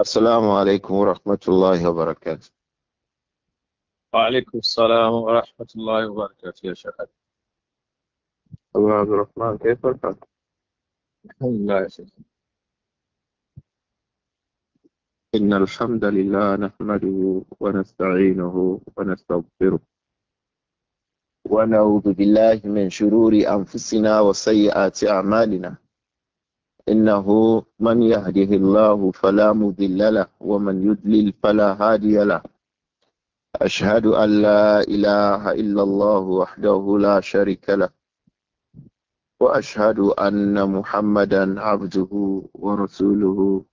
السلام عليكم ورحمة الله وبركاته وعليكم السلام ورحمة الله وبركاته يا شيخ الله عبد الرحمن كيف الحال؟ الحمد لله يا شيخ إن الحمد لله نحمده ونستعينه ونستغفره ونعوذ بالله من شرور أنفسنا وسيئات أعمالنا إنه من يهده الله فلا مضل له ومن يضلل فلا هادي له أشهد أن لا إله إلا الله وحده لا شريك له وأشهد أن محمدا عبده ورسوله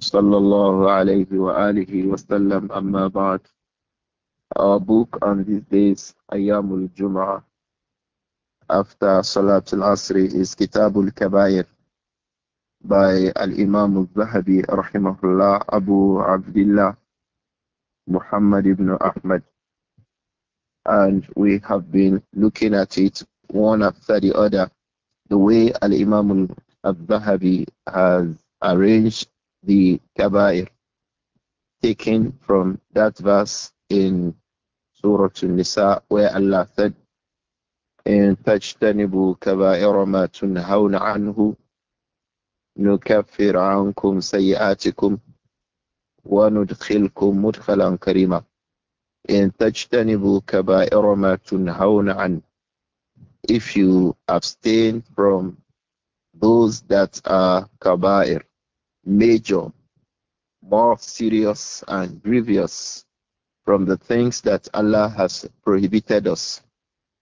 صلى الله عليه وآله وسلم أما بعد Our book on these days, Ayamul Jum'ah, after Salatul Asri is Kitabul Kabair by Al-Imam al-Zahabi rahimahullah Abu Abdullah Muhammad ibn Ahmad and we have been looking at it one after the other the way Al-Imam al-Zahabi has arranged the Kabair taken from that verse in Surah An-Nisa where Allah said in tajtanibu kabaira ma tunhauna anhu نكفر عنكم سيئاتكم وندخلكم مدخلا كريما إن تجتنبوا كبائر ما تنهون عنه if you abstain from those that are kabair, major, more serious and grievous from the things that Allah has prohibited us.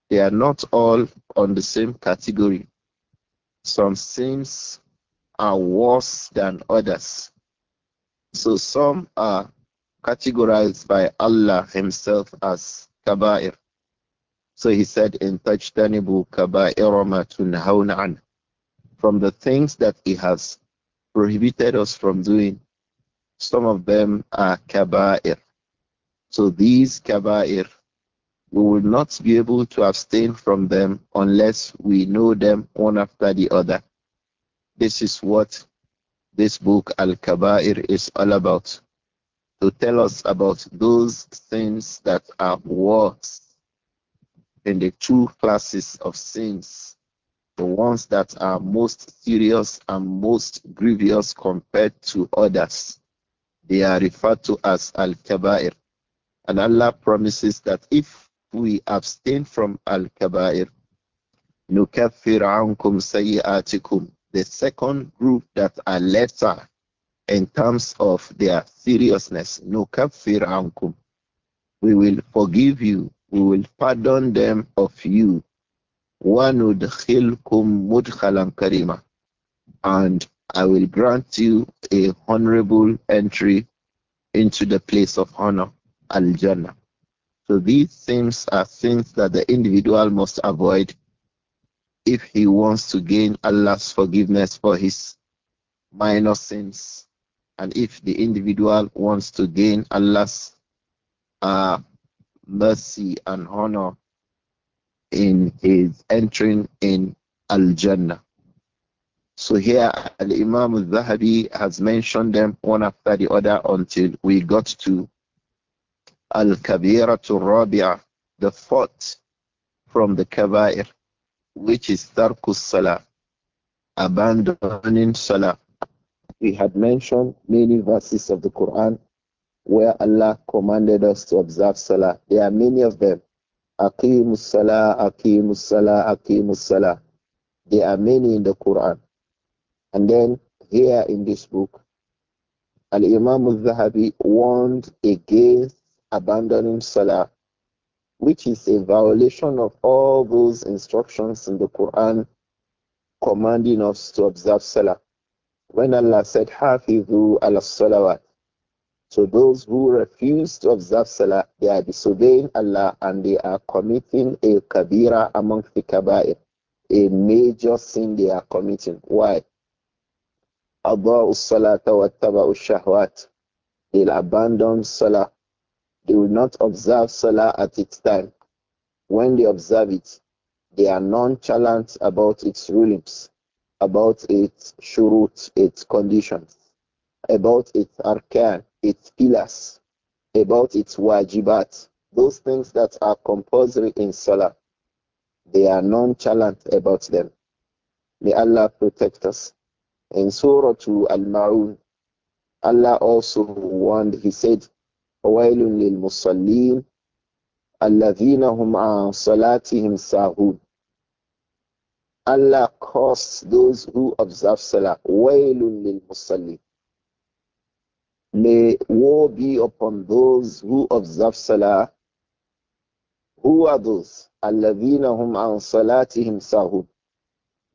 They are not all on the same category. Some sins are worse than others. So some are categorized by Allah Himself as kaba'ir. So He said in Tajtanibu kaba'irama an. From the things that He has prohibited us from doing, some of them are kaba'ir. So these kaba'ir, we will not be able to abstain from them unless we know them one after the other. This is what this book, Al Kaba'ir, is all about. To tell us about those things that are worse in the two classes of sins the ones that are most serious and most grievous compared to others. They are referred to as Al Kaba'ir. And Allah promises that if we abstain from Al Kaba'ir, سَيِّئَاتِكُمْ the second group that are lesser in terms of their seriousness. No kafir We will forgive you. We will pardon them of you. وَنُدْخِلْكُمْ مُدْخَلًا كَرِيمًا And I will grant you a honorable entry into the place of honor, Al-Jannah. So these things are things that the individual must avoid if he wants to gain Allah's forgiveness for his minor sins, and if the individual wants to gain Allah's uh, mercy and honor in his entering in Al Jannah. So here Al Imam Al Zahabi has mentioned them one after the other until we got to Al Kabira to Rabi'ah, the fourth from the Kabair which is Tarkus Salah, abandoning Salah. We had mentioned many verses of the Quran where Allah commanded us to observe Salah. There are many of them. Aqimus Salah, Aqimus Salah, Aqimus Salah. There are many in the Quran. And then here in this book, Al Imam al Zahabi warned against abandoning Salah which is a violation of all those instructions in the Quran commanding us to observe Salah. When Allah said, Hafidhu ala salawat. So those who refuse to observe Salah, they are disobeying Allah and they are committing a kabira among the kabair, a major sin they are committing. Why? Aba'u salata wa taba'u shahwat. They'll abandon Salah they will not observe Salah at its time. When they observe it, they are nonchalant about its rulings, about its shurut, its conditions, about its arkan, its pillars, about its wajibat, those things that are compulsory in Salah. They are nonchalant about them. May Allah protect us. In Surah Al-Ma'un, Allah also warned, He said, فويل للمصلين الذين هم عن صلاتهم ساهون Allah curse those who observe Salah. Wailun lil musallim. May woe be upon those who observe Salah. Who are those? Alladhina hum an salatihim sahun.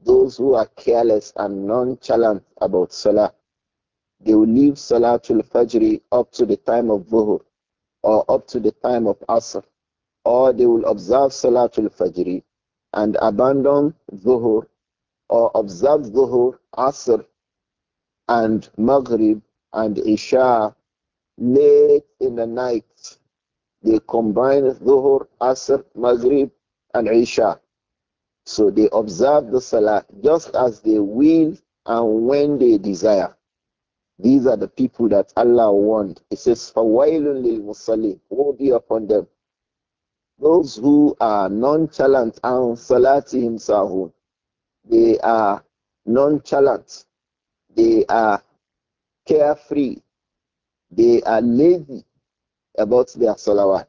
Those who are careless and nonchalant about Salah. They will leave Salatul Fajr up to the time of Dhuhr or up to the time of Asr. Or they will observe Salatul Fajr and abandon Dhuhr or observe Dhuhr, Asr, and Maghrib and Isha late in the night. They combine Dhuhr, Asr, Maghrib, and Isha. So they observe the Salah just as they will and when they desire. These are the people that Allah warned. It says, فَوَيْلٌ لِلْمُصَلِّينَ Woe be upon them. Those who are nonchalant and salatim sahun. They are nonchalant. They are carefree. They are lazy about their salawat.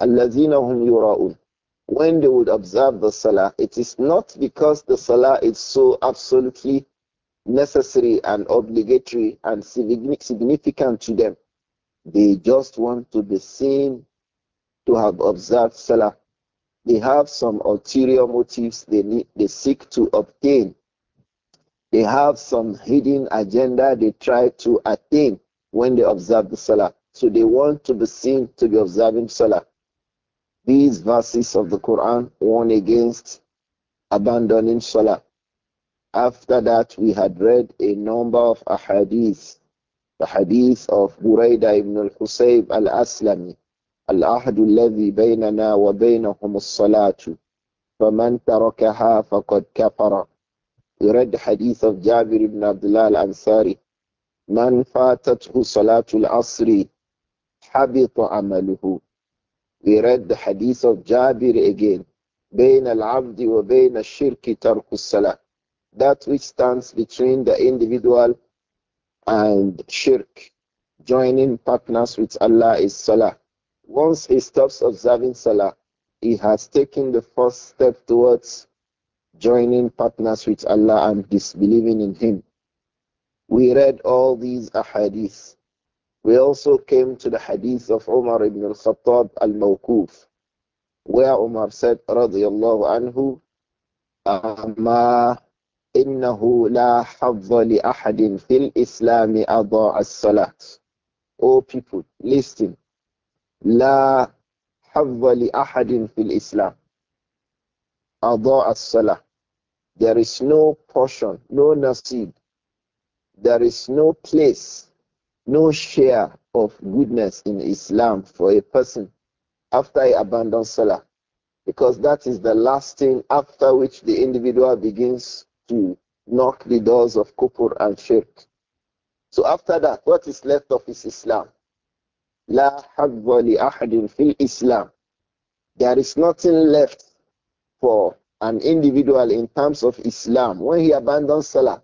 الَّذِينَ هُمْ يُرَاءُونَ When they would observe the salah, it is not because the salah is so absolutely necessary and obligatory and significant to them. They just want to be seen to have observed Salah. They have some ulterior motives they, need, they seek to obtain. They have some hidden agenda they try to attain when they observe the Salah. So they want to be seen to be observing Salah. These verses of the Quran warn against abandoning Salah. After that, we had read a number of ahadith, the hadith of Buraida ibn al-Husayb al-Aslami, العهد الذي بيننا وبينهم الصلاة فمن تركها فقد كفر We read the hadith of Jabir ibn Abdullah al-Ansari من فاتته صلاة العصر حبط عمله We read the hadith of Jabir again بين العبد وبين الشرك ترك الصلاة that which stands between the individual and shirk, joining partners with Allah, is salah. Once he stops observing salah, he has taken the first step towards joining partners with Allah and disbelieving in Him. We read all these ahadiths. We also came to the hadith of Umar ibn al-Khattab al-Mawquf, where Umar said, الله عنه أما إنه لا حظ لأحد في الإسلام أضاع الصلاة oh people, listen. لا حظ لأحد في الإسلام أضاع الصلاة There is no portion, no nasib. There is no place, no share of goodness in Islam for a person after he abandons Salah. Because that is the last thing after which the individual begins Knock the doors of kufr and shirk. So after that, what is left of is Islam? La hadwa li ahadin fil Islam. There is nothing left for an individual in terms of Islam when he abandons Salah.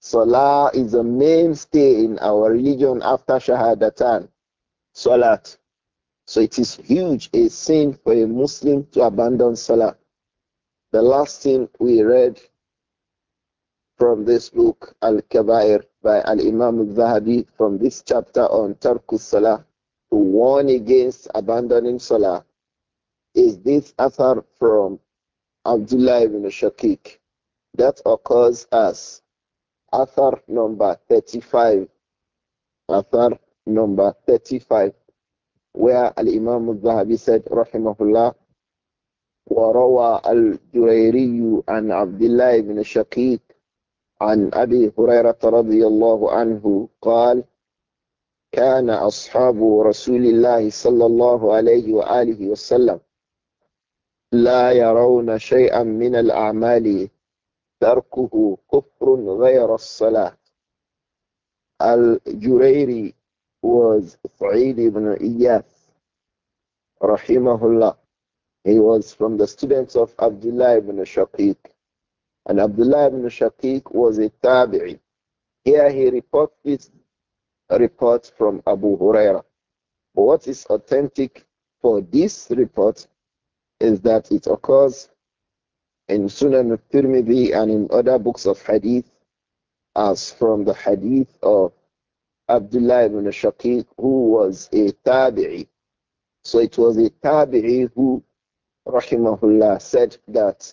Salah is a mainstay in our religion after Shahadatan, Salat. So it is huge a sin for a Muslim to abandon Salah. The last thing we read from this book, Al-Kabair, by Al-Imam al-Zahabi, from this chapter on Tarkus Salah, to warn against abandoning Salah, is this author from Abdullah ibn Shakik. That occurs as author number 35. Author number 35, where Al-Imam al-Zahabi said, Rahimahullah, وروى الجريري عن عبد الله بن شقيق عن أبي هريرة رضي الله عنه قال كان أصحاب رسول الله صلى الله عليه وآله وسلم لا يرون شيئا من الأعمال تركه كفر غير الصلاة الجريري was Sa'id ibn Iyas rahimahullah he was from the students of Abdullah ibn Shaqiq and Abdullah ibn Shaqiq was a tabi'i. Here he reports this report from Abu Huraira. But what is authentic for this report is that it occurs in Sunan al-Tirmidhi and in other books of hadith as from the hadith of Abdullah ibn Shaqiq who was a tabi'i. So it was a tabi'i who rahimahullah said that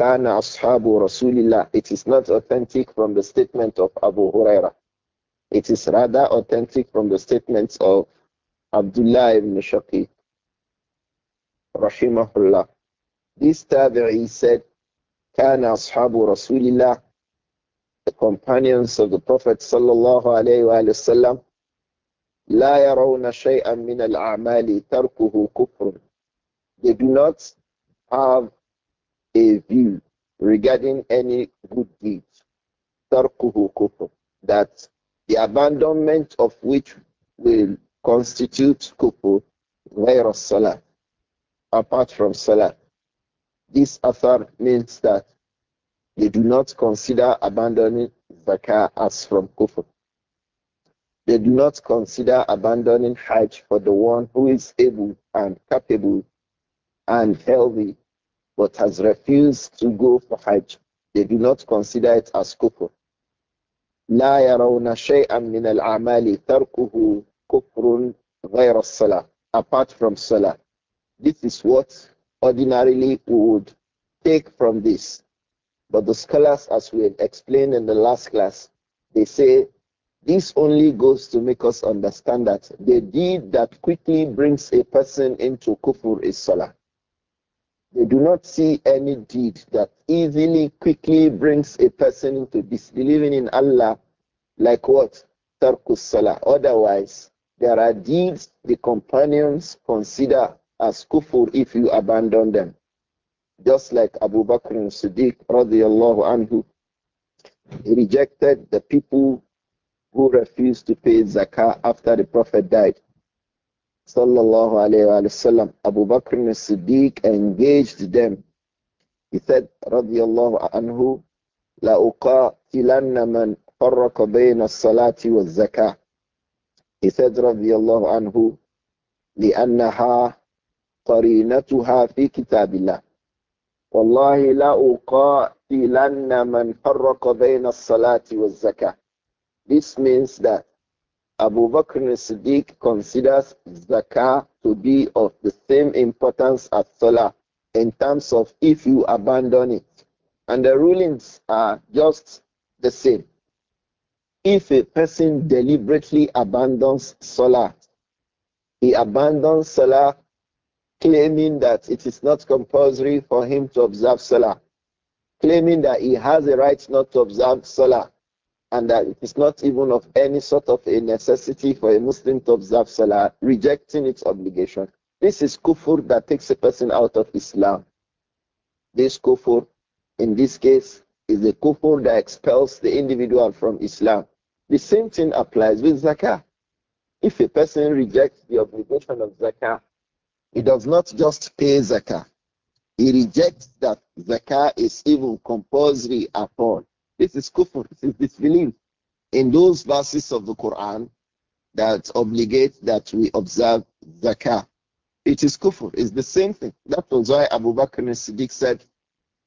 Kana ashabu Rasulillah. It is not authentic from the statement of Abu Huraira. It is rather authentic from the statements of Abdullah ibn Shaqiq. Rahimahullah. This tabi'i said, Kana ashabu Rasulillah. The companions of the Prophet sallallahu alayhi wa sallam. لا يرون شيئا من الأعمال تركه كفر. They do not have a view regarding any good deed, that the abandonment of which will constitute kufu virus salah, apart from salah. This author means that they do not consider abandoning zakah as from kufu. They do not consider abandoning hajj for the one who is able and capable and healthy but has refused to go for Hajj. They do not consider it as kufr. لا يرون شيئا من الأعمال تركه كفر غير الصلاة apart from Salah. This is what ordinarily we would take from this. But the scholars, as we explained in the last class, they say this only goes to make us understand that the deed that quickly brings a person into kufr is salah. They do not see any deed that easily, quickly brings a person into disbelieving in Allah, like what? Tarkus Salah. Otherwise, there are deeds the companions consider as kufur if you abandon them. Just like Abu Bakr and Siddiq radiallahu anhu, he rejected the people who refused to pay zakah after the Prophet died sallallahu alayhi wa sallam, Abu Bakr and Siddiq engaged them. He said, radiyallahu anhu, la uqatilanna man farraqa bayna salati wa zakah. He said, radiyallahu anhu, لأنها قرينتها في كتاب الله والله لا أقاتلن من فرق بين الصلاة والزكاة This means that Abu Bakr al siddiq considers zakah to be of the same importance as salah in terms of if you abandon it. And the rulings are just the same. If a person deliberately abandons salah, he abandons salah claiming that it is not compulsory for him to observe salah, claiming that he has a right not to observe salah and that it is not even of any sort of a necessity for a Muslim to observe Salah, rejecting its obligation. This is kufur that takes a person out of Islam. This kufur, in this case, is the kufur that expels the individual from Islam. The same thing applies with zakah. If a person rejects the obligation of zakah, he does not just pay zakah. He rejects that zakah is even compulsory upon this is kufr, this is disbelief in those verses of the Quran that obligate that we observe zakah. It is kufr, it's the same thing. That was why Abu Bakr and Siddiq said,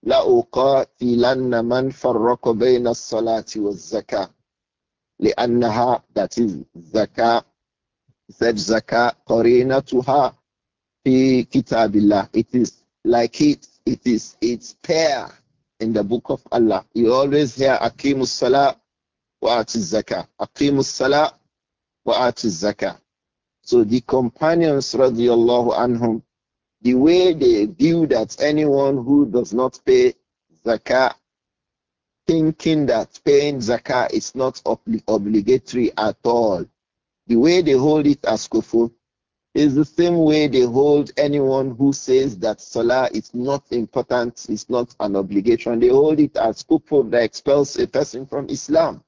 "La لأقاتلن من فرق بين الصلاة والزكاة لأنها that is زكاة said zakah قرينتها في كتاب الله it is like it it is its pair in the book of Allah. You always hear Akimus Salah wa Atiz Zakah. Akimus Salah wa Atiz Zakah. So the companions, radiallahu anhum, the way they view that anyone who does not pay zakah, thinking that paying zakah is not obli obligatory at all, the way they hold it as kufur, it's the same way they hold anyone who says that salah is not important, it's not an obligation. They hold it as kufr that expels a person from Islam.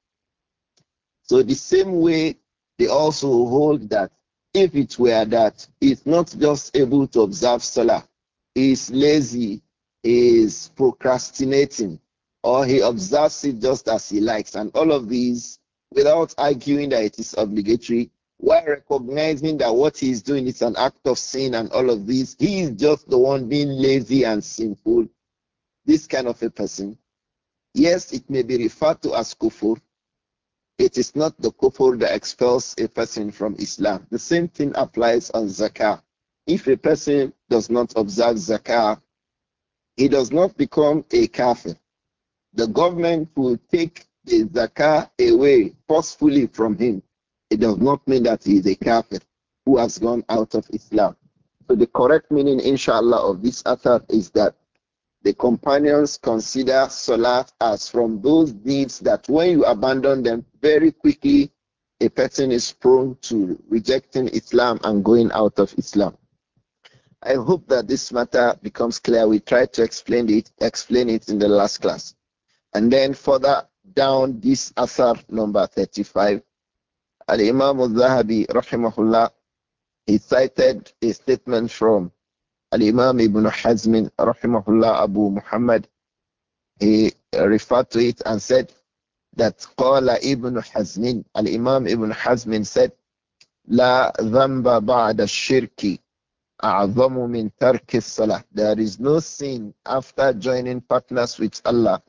So the same way they also hold that if it were that it's not just able to observe salah, is lazy, is procrastinating, or he observes it just as he likes, and all of these without arguing that it is obligatory, while recognizing that what he is doing is an act of sin and all of this, he is just the one being lazy and sinful. This kind of a person. Yes, it may be referred to as kufur. It is not the kufur that expels a person from Islam. The same thing applies on zakah. If a person does not observe zakah, he does not become a kafir. The government will take the zakah away forcefully from him it does not mean that he is a kafir who has gone out of Islam. So the correct meaning, inshallah, of this athar is that the companions consider salat as from those deeds that when you abandon them very quickly, a person is prone to rejecting Islam and going out of Islam. I hope that this matter becomes clear. We tried to explain it, explain it in the last class. And then further down this asar number 35, Al Imam al Zahabi, rahimahullah, he cited a statement from Al Imam ibn Hazm, rahimahullah, Abu Muhammad. He referred to it and said that Qala ibn Hazm, Al Imam ibn Hazm said, لا ذنب بعد الشرك أعظم من ترك الصلاة. There is no sin after joining partners with Allah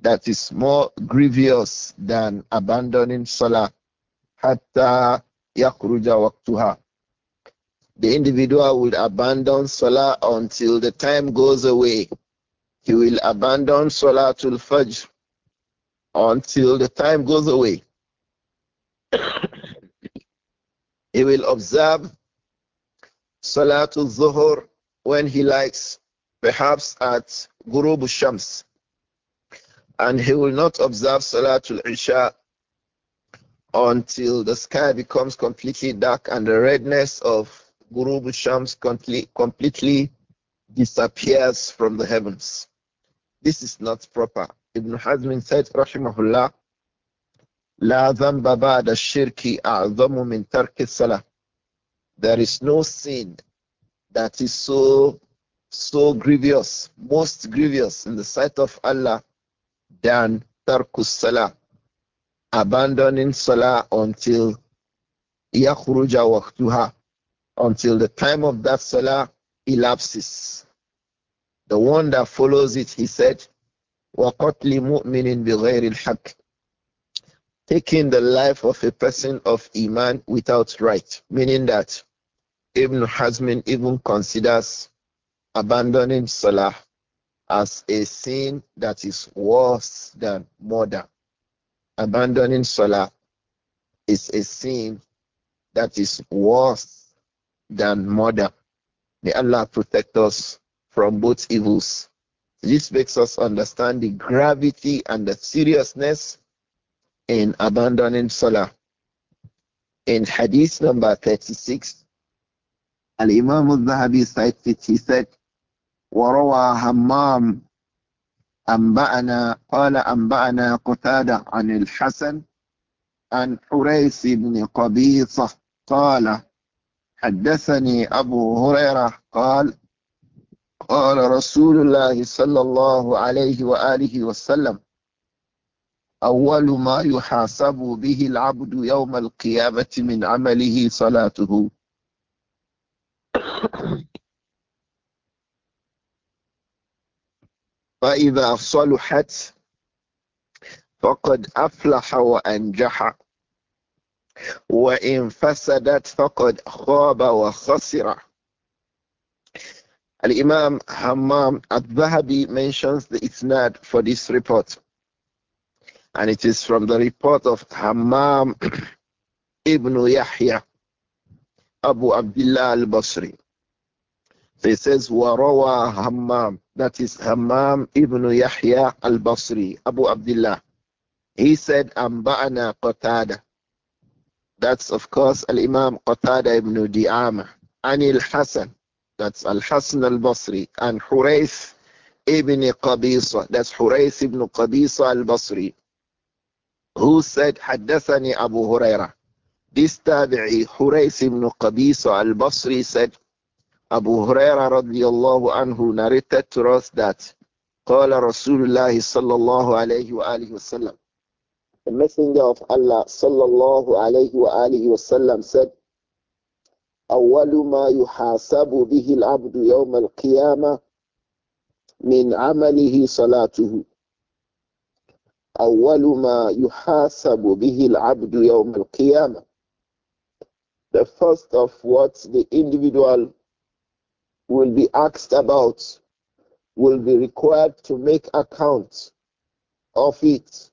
that is more grievous than abandoning Salah hatta yakruja waqtuha. The individual will abandon salah until the time goes away. He will abandon salah till fajr until the time goes away. he will observe Salatul Zuhur when he likes, perhaps at Gurub Shams. And he will not observe Salatul Isha until the sky becomes completely dark and the redness of Guru Shams complete, completely disappears from the heavens. This is not proper. Ibn Hazm said, Rahimahullah, لا ذنب There is no sin that is so so grievous, most grievous in the sight of Allah than tarkus salah, abandoning salah until yakhruja waqtuha until the time of that salah elapses. The one that follows it, he said, وَقَتْلِ مُؤْمِنٍ بِغَيْرِ الْحَقِّ Taking the life of a person of Iman without right, meaning that Ibn Hazm even considers abandoning Salah as a sin that is worse than murder abandoning salah is a sin that is worse than murder. May Allah protect us from both evils. This makes us understand the gravity and the seriousness in abandoning salah. In hadith number 36, Al Imam al Zahabi cites it, he said, وروى همام أنبأنا قال أنبأنا قتادة عن الحسن عن حريث بن قبيصة قال حدثني أبو هريرة قال قال رسول الله صلى الله عليه وآله وسلم أول ما يحاسب به العبد يوم القيامة من عمله صلاته فإذا صلحت فقد أفلح وأنجح وإن فسدت فقد خاب وخسر Al-Imam Hammam al-Dhahabi mentions the isnad for this report. And it is from the report of Hammam ibn Yahya, Abu Abdullah al-Basri. So he says, وَرَوَى Hammam that is Hammam ibn Yahya al Basri, Abu Abdullah. He said, Amba'ana Qatada. That's, of course, Al Imam Qatada ibn Di'ama. Anil Hassan. That's Al Hassan al Basri. And Hurayth ibn Qabisa. That's Hurayth ibn Qabisa al Basri. Who said, Haddathani Abu Hurairah. This Tabi'i, Hurayth ibn Qabisa al Basri, said, Abu Huraira radiallahu anhu narrated to us that قال رسول الله صلى الله عليه وآله وسلم The messenger of Allah صلى الله عليه وآله وسلم said أول ما يحاسب به العبد يوم القيامة من عمله صلاته أول ما يحاسب به العبد يوم القيامة The first of what the individual will be asked about, will be required to make account of it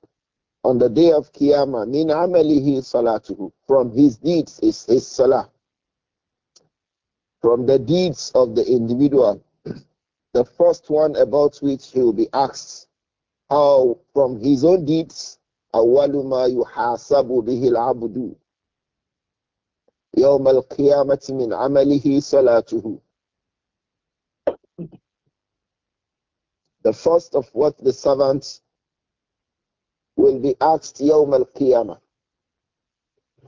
on the day of Qiyamah. Min amalihi salatuhu. From his deeds is his salah. From the deeds of the individual. The first one about which he will be asked how from his own deeds awaluma yuhasabu bihi al-abdu yawm al-qiyamati min amalihi salatuhu The first of what the servants will be asked Yawm al Qiyamah.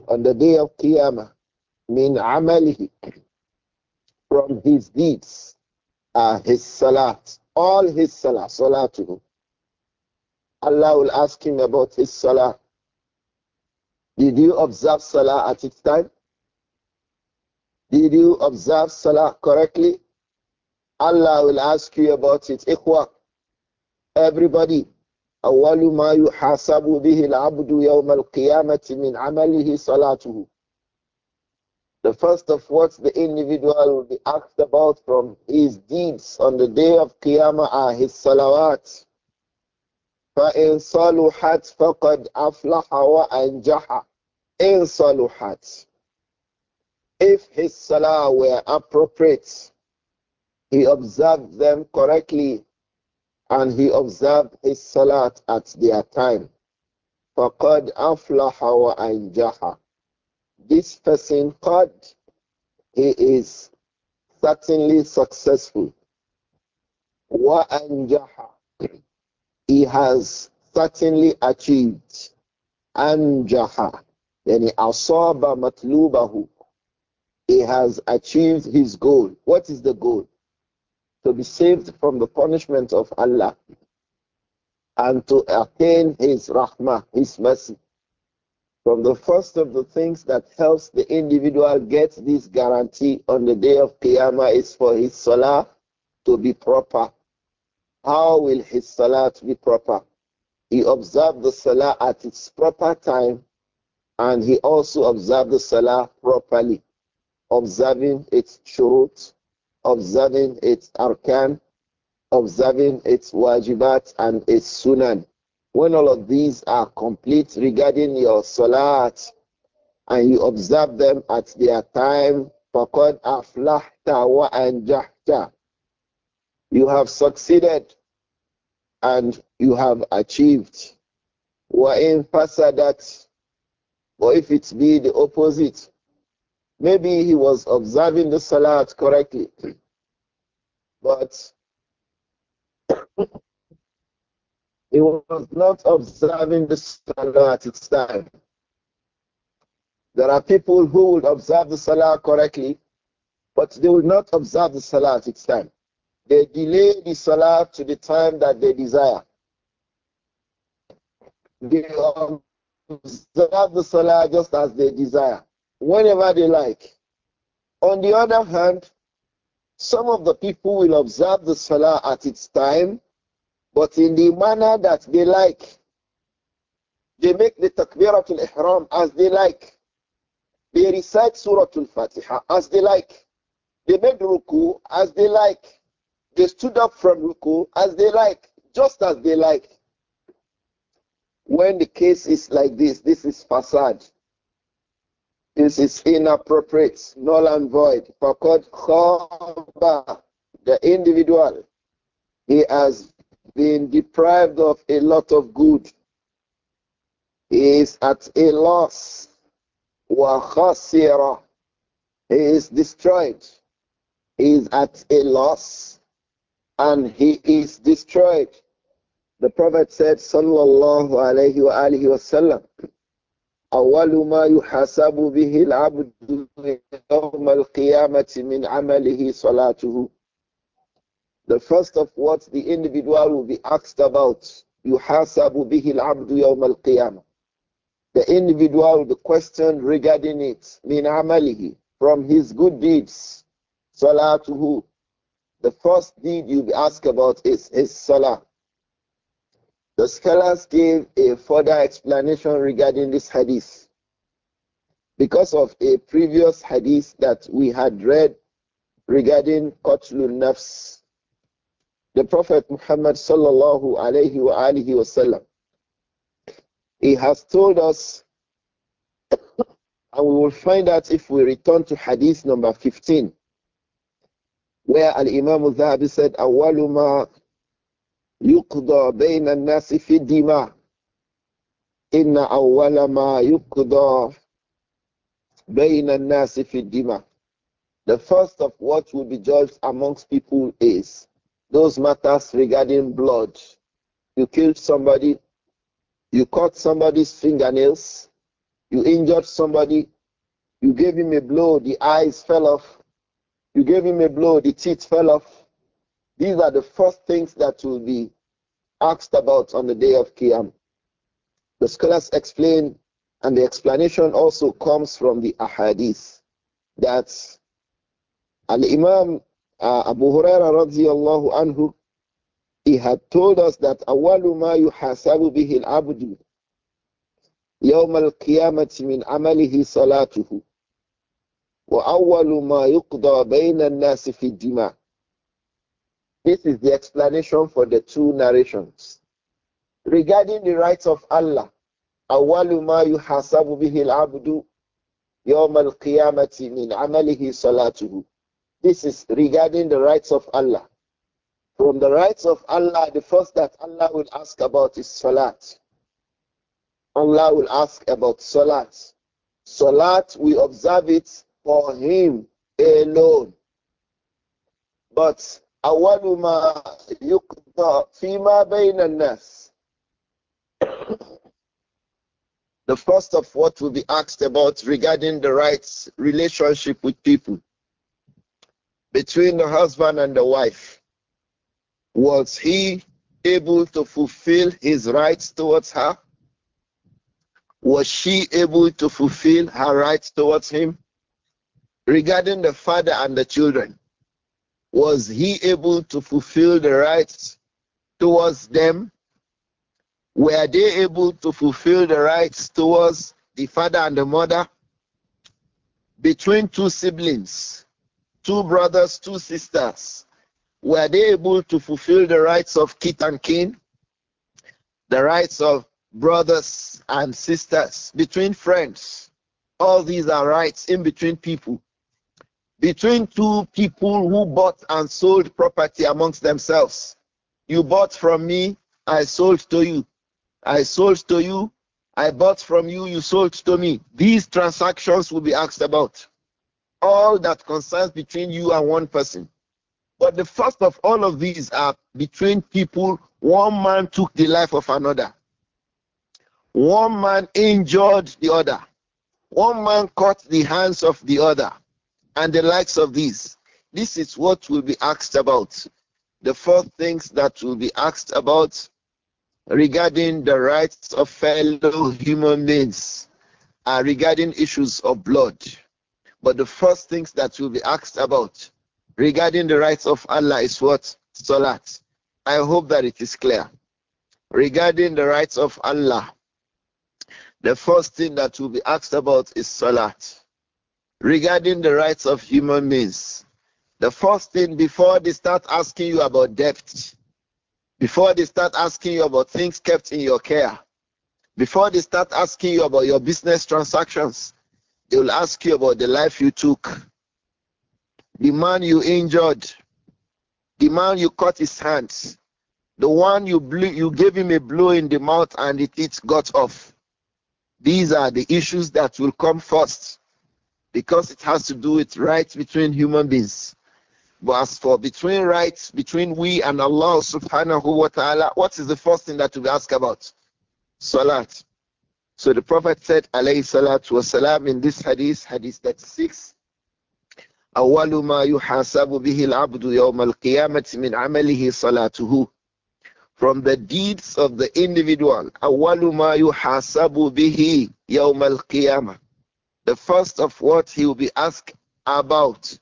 On the day of Qiyamah, min amalihi, from his deeds, uh, his salat, all his salah, salatuhu. Allah will ask him about his salah. Did you observe salah at its time? Did you observe salah correctly? Allah will ask you about it. Ikhwa, Everybody. أول ما يحاسب به العبد يوم القيامة من عمله صلاته. The first of what the individual will be asked about from his deeds on the day of Qiyamah are his salawat. فإن صلحت فقد أفلح وأنجح. If his salah were appropriate, he observed them correctly, and he observed his salat at their time. فَقَدْ أَفْلَحَ وَأَنْجَحَ This person, قد, he is certainly successful. وَأَنْجَحَ He has certainly achieved. أَنْجَحَ يعني أصاب مطلوبه He has achieved his goal. What is the goal? to be saved from the punishment of Allah and to attain His rahmah, His mercy. From the first of the things that helps the individual get this guarantee on the day of Qiyamah is for his salah to be proper. How will his salah be proper? He observed the salah at its proper time and he also observed the salah properly, observing its shurut, observing its arkan, observing its wajibat and its sunan. When all of these are complete regarding your salat and you observe them at their time, فَقَدْ and وَأَنْجَحْتَ You have succeeded and you have achieved. وَإِنْ fasadat. Or if it be the opposite, Maybe he was observing the salat correctly. But he was not observing the salah at its time. There are people who will observe the salah correctly, but they will not observe the salah at its time. They delay the salah to the time that they desire. They observe the salah just as they desire whenever they like. On the other hand, some of the people will observe the Salah at its time, but in the manner that they like. They make the Takbiratul Ihram as they like. They recite Surah Al-Fatiha as they like. They make the ruku as they like. They stood up from ruku as they like, just as they like. When the case is like this, this is facade. This is inappropriate, null and void. For God, the individual, he has been deprived of a lot of good. He is at a loss. Wa he is destroyed. He is at a loss and he is destroyed. The Prophet said, Sallallahu alayhi wa sallam, أول ما يحاسب به العبد يوم القيامة من عمله صلاته The first of what the individual will be asked about يحاسب به العبد يوم القيامة The individual will be questioned regarding it من عمله from his good deeds صلاته The first deed you'll be asked about is his salah the scholars gave a further explanation regarding this hadith because of a previous hadith that we had read regarding Qatlun Nafs. The Prophet Muhammad sallallahu alayhi wa alihi wasallam, he has told us, and we will find out if we return to hadith number 15, where Al-Imam al said, يقضى بين الناس في الدماء إن أول ما يقضى بين الناس في الدماء The first of what will be judged amongst people is those matters regarding blood. You killed somebody, you cut somebody's fingernails, you injured somebody, you gave him a blow, the eyes fell off, you gave him a blow, the teeth fell off, these are the first things that will be asked about on the day of Qiyam. The scholars explain, and the explanation also comes from the ahadith that Al Imam uh, Abu Huraira radiallahu anhu he had told us that أول ما يحاسب bihi al يوم القيامة من عمله صلاته وأول ما يقضى بين الناس في الدماء this is the explanation for the two narrations. Regarding the rights of Allah, أول ما يحاسب به العبد يوم القيامة من عمله صلاته. This is regarding the rights of Allah. From the rights of Allah, the first that Allah will ask about is salat. Allah will ask about salat. Salat, we observe it for Him alone. But أول ما يقضى فيما بين الناس The first of what will be asked about regarding the rights relationship with people between the husband and the wife was he able to fulfill his rights towards her? Was she able to fulfill her rights towards him? Regarding the father and the children, was he able to fulfill the rights towards them? Were they able to fulfill the rights towards the father and the mother? Between two siblings, two brothers, two sisters, were they able to fulfill the rights of kith and kin? The rights of brothers and sisters, between friends? All these are rights in between people between two people who bought and sold property amongst themselves. You bought from me, I sold to you. I sold to you, I bought from you, you sold to me. These transactions will be asked about. All that concerns between you and one person. But the first of all of these are between people. One man took the life of another. One man injured the other. One man cut the hands of the other and the likes of these. This is what will be asked about. The four things that will be asked about regarding the rights of fellow human beings are regarding issues of blood. But the first things that will be asked about regarding the rights of Allah is what? Salat. I hope that it is clear. Regarding the rights of Allah, the first thing that will be asked about is Salat regarding the rights of human beings. The first thing before they start asking you about debt, before they start asking you about things kept in your care, before they start asking you about your business transactions, they will ask you about the life you took, the man you injured, the man you cut his hands, the one you blew, you gave him a blow in the mouth and the teeth got off. These are the issues that will come first because it has to do with rights between human beings. But as for between rights between we and Allah subhanahu wa ta'ala, what is the first thing that we ask about? Salat. So the Prophet said, alayhi salatu wasalam, in this hadith, hadith 36, أول ما يحاسب به العبد يوم القيامة من عمله صلاته From the deeds of the individual, أول ما يحاسب به يوم القيامة the first of what he will be asked about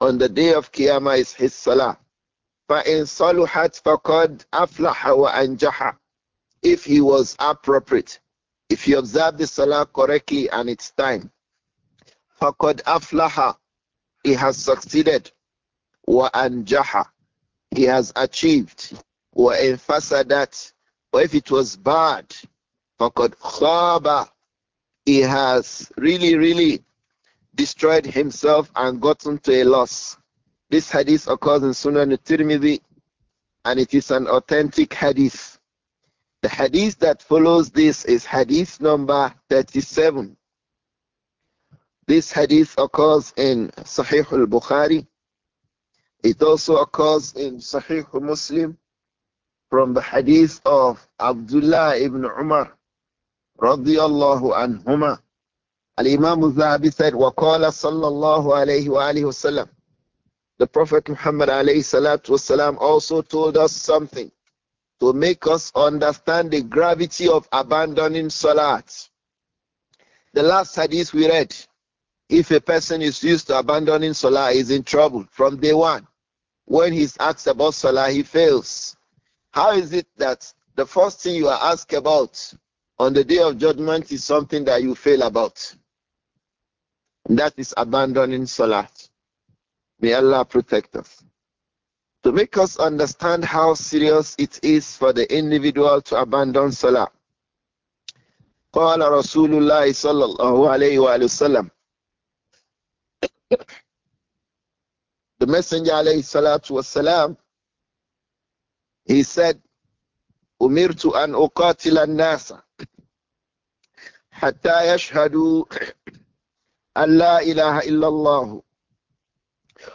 on the day of Qiyamah is his salah. فَإِن صَلُحَتْ فَقَدْ أَفْلَحَ وَأَنْجَحَ If he was appropriate, if he observed the salah correctly and its time, فَقَدْ أَفْلَحَ He has succeeded. وَأَنْجَحَ He has achieved. وَإِن فَسَدَتْ But if it was bad, فَقَدْ خَابَ he has really, really destroyed himself and gotten to a loss. This hadith occurs in Sunan al-Tirmidhi and it is an authentic hadith. The hadith that follows this is hadith number 37. This hadith occurs in Sahih al-Bukhari. It also occurs in Sahih muslim from the hadith of Abdullah ibn Umar رضي الله عنهما الإمام الذهبي said وقال صلى الله عليه وآله وسلم the Prophet Muhammad عليه الصلاة والسلام also told us something to make us understand the gravity of abandoning salat. The last hadith we read, if a person is used to abandoning salah, is in trouble from day one. When he's asked about salah, he fails. How is it that the first thing you are asked about on the day of judgment is something that you fail about. That is abandoning Salat. May Allah protect us. To make us understand how serious it is for the individual to abandon Salah. قال رسول الله صلى الله عليه وآله وسلم The Messenger عليه الصلاة والسلام he said أمرت أن أقاتل الناس حتى يشهدوا أن لا إله إلا الله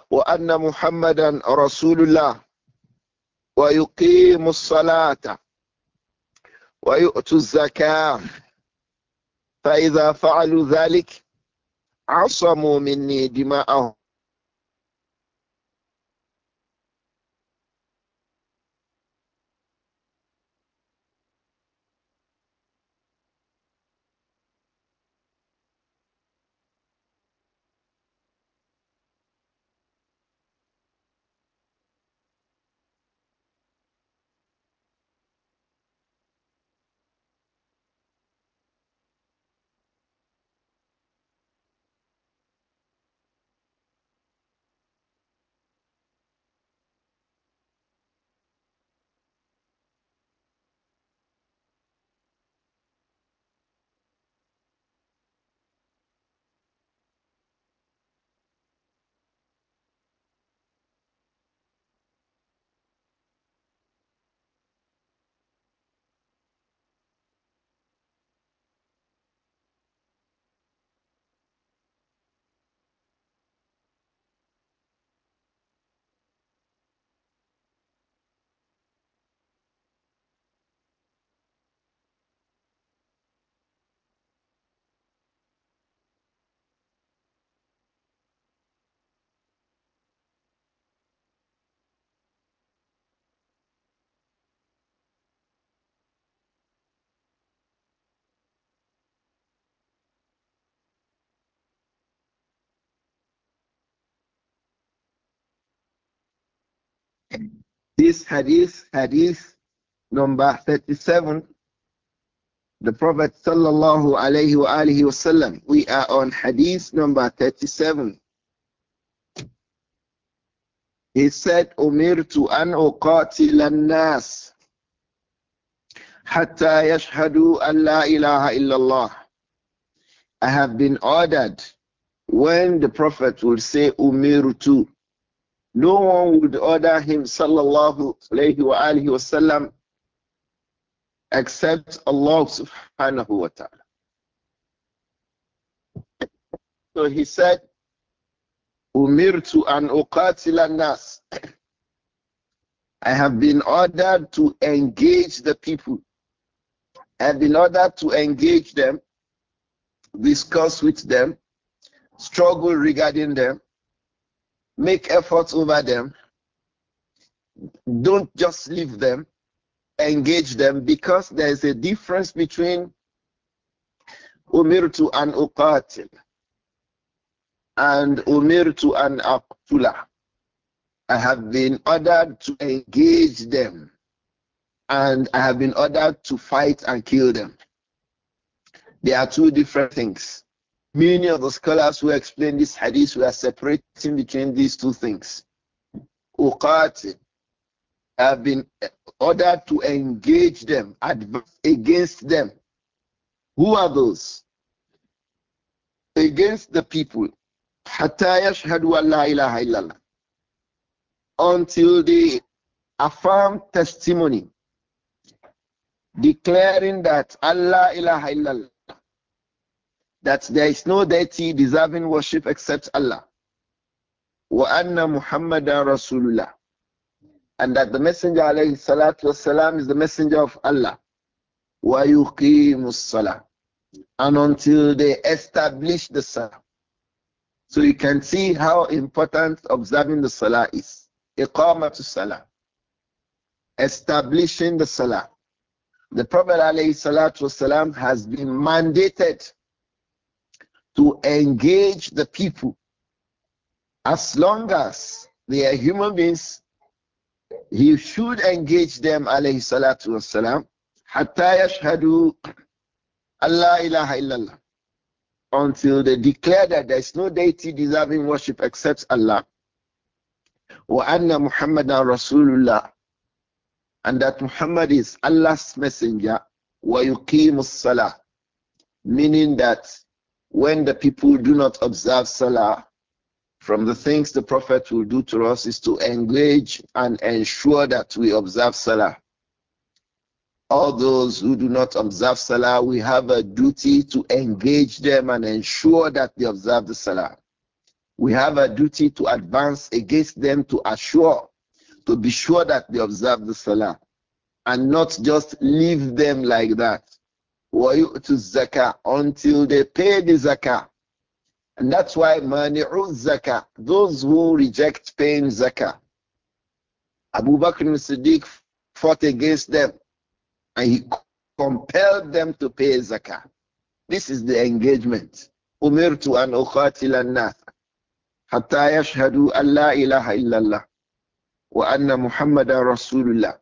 وأن محمدا رسول الله ويقيموا الصلاة ويؤتوا الزكاة فإذا فعلوا ذلك عصموا مني دماءهم This hadith, hadith number 37, the Prophet sallallahu alayhi wa alihi We are on hadith number 37. He said, أمرت أن أقاتل الناس حتى يشهدوا أن لا إله إلا الله. I have been ordered when the Prophet will say أمرت no one would order him, sallallahu alayhi wa alihi wasallam, except Allah subhanahu wa ta'ala. So he said, Umirtu an uqatila nas. I have been ordered to engage the people. I have been ordered to engage them, discuss with them, struggle regarding them, Make efforts over them. Don't just leave them. Engage them because there is a difference between umirtu and uqatil and umirtu and aqtula. I have been ordered to engage them and I have been ordered to fight and kill them. There are two different things. Many of the scholars who explain this hadith were separating between these two things. Uqat have been ordered to engage them, against them. Who are those? Against the people. Until they affirm testimony declaring that Allah ilaha illallah that there is no deity deserving worship except Allah. Wa anna Muhammadan Rasulullah, And that the Messenger والسلام, is the Messenger of Allah. وَيُقِيمُ الصَّلَاةِ And until they establish the Salah. So you can see how important observing the Salah is. إِقَامَةُ salah, Establishing the Salah. The Prophet والسلام, has been mandated to engage the people. As long as they are human beings, he should engage them, alayhi salatu wasalam, hatta yashhadu Allah ilaha illallah, until they declare that there is no deity deserving worship except Allah. Wa anna Muhammadan Rasulullah, and that Muhammad is Allah's messenger, wa yuqimus salah, meaning that when the people do not observe Salah, from the things the Prophet will do to us is to engage and ensure that we observe Salah. All those who do not observe Salah, we have a duty to engage them and ensure that they observe the Salah. We have a duty to advance against them to assure, to be sure that they observe the Salah and not just leave them like that. To الزَّكَاةَ until they pay the zakah. And that's why mani'u zakah, those who reject paying zakah. Abu Bakr al-Siddiq fought against them and he compelled them to pay zakah. This is the engagement. أمرت أن أقاتل الناس حتى يشهدوا أن لا إله إلا الله وأن محمدا رسول الله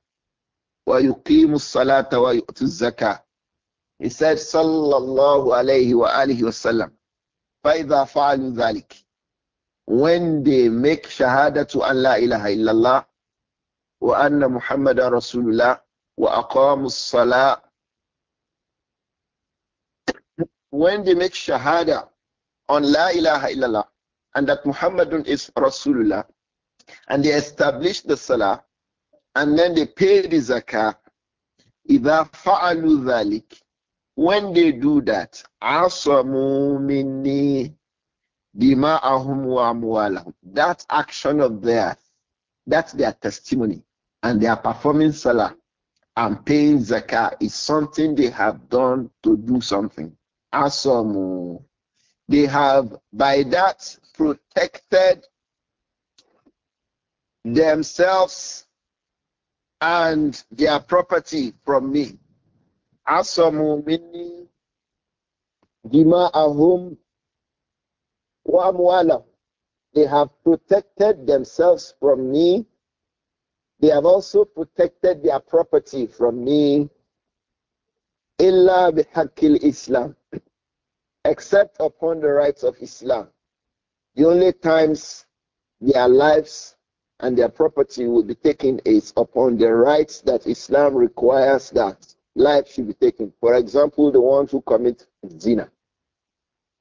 ويقيموا الصلاة ويؤتوا الزكاة he said, Sallallahu alayhi wa alihi wasallam. فَإِذَا fa'alu ذَلِكَ When they make to an la ilaha illallah wa anna muhammadan rasulullah wa aqamu salah When they make shahada on la ilaha illallah and that muhammadun is rasulullah and they establish the salah and then they pay the zakah إِذَا فَعَلُوا ذَلِكَ when they do that, That action of theirs, that's their testimony, and they are performing salah and paying zakah is something they have done to do something. Asamu, they have by that protected themselves and their property from me. عصموا dima'ahum Wa وأموالهم They have protected themselves from me. They have also protected their property from me. إلا بحق Islam, Except upon the rights of Islam. The only times their lives and their property will be taken is upon the rights that Islam requires that life should be taken. For example, the one who commits zina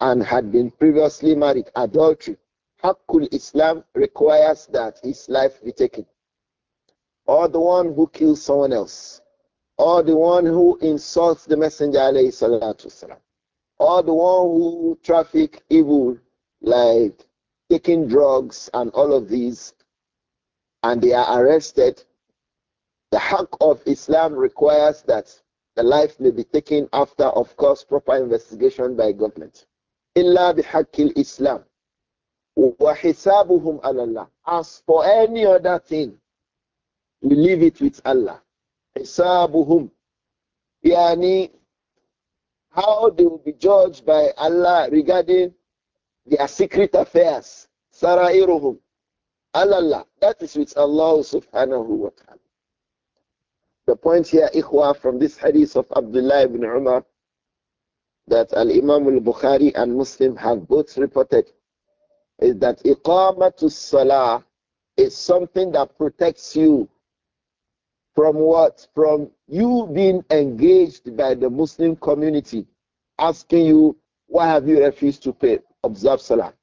and had been previously married, adultery. How could Islam requires that his life be taken. Or the one who kills someone else. Or the one who insults the Messenger, alayhi salatu Or the one who traffic evil, like taking drugs and all of these, and they are arrested the haq of Islam requires that the life may be taken after, of course, proper investigation by government. إلا بحق Islam, wa hisabuhum Allah. As for any other thing, we leave it with Allah. Hisabuhum, Yani, how they will be judged by Allah regarding their secret affairs. Sarairuhum. Allah. That is with Allah subhanahu wa ta'ala. The point here, ikhwa, from this hadith of Abdullah ibn Umar, that Al-Imam al-Bukhari and Muslim have both reported, is that to salah is something that protects you from what? From you being engaged by the Muslim community, asking you, why have you refused to pay, observe salah,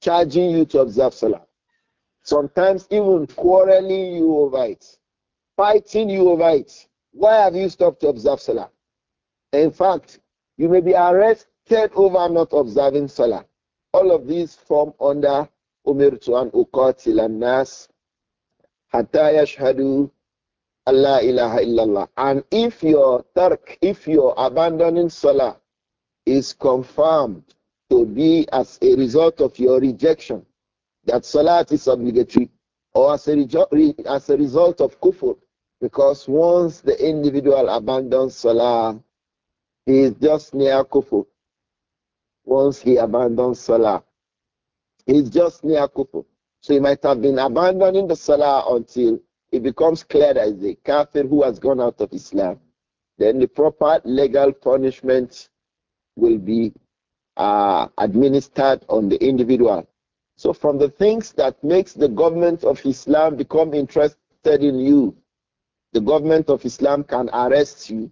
charging you to observe salah. Sometimes even quarreling you over it fighting you over it. Why have you stopped to observe Salah? In fact, you may be arrested over not observing Salah. All of these form under umir tuan uqatil nas hatta yashhadu Allah ilaha illallah. And if your tark, if your abandoning Salah is confirmed to be as a result of your rejection, that Salah is obligatory, or as a, as a result of kufr, because once the individual abandons Salah, he is just near Kufu. Once he abandons Salah, he is just near Kufu. So he might have been abandoning the Salah until it becomes clear that it's a kafir who has gone out of Islam. Then the proper legal punishment will be uh, administered on the individual. So from the things that makes the government of Islam become interested in you the government of Islam can arrest you.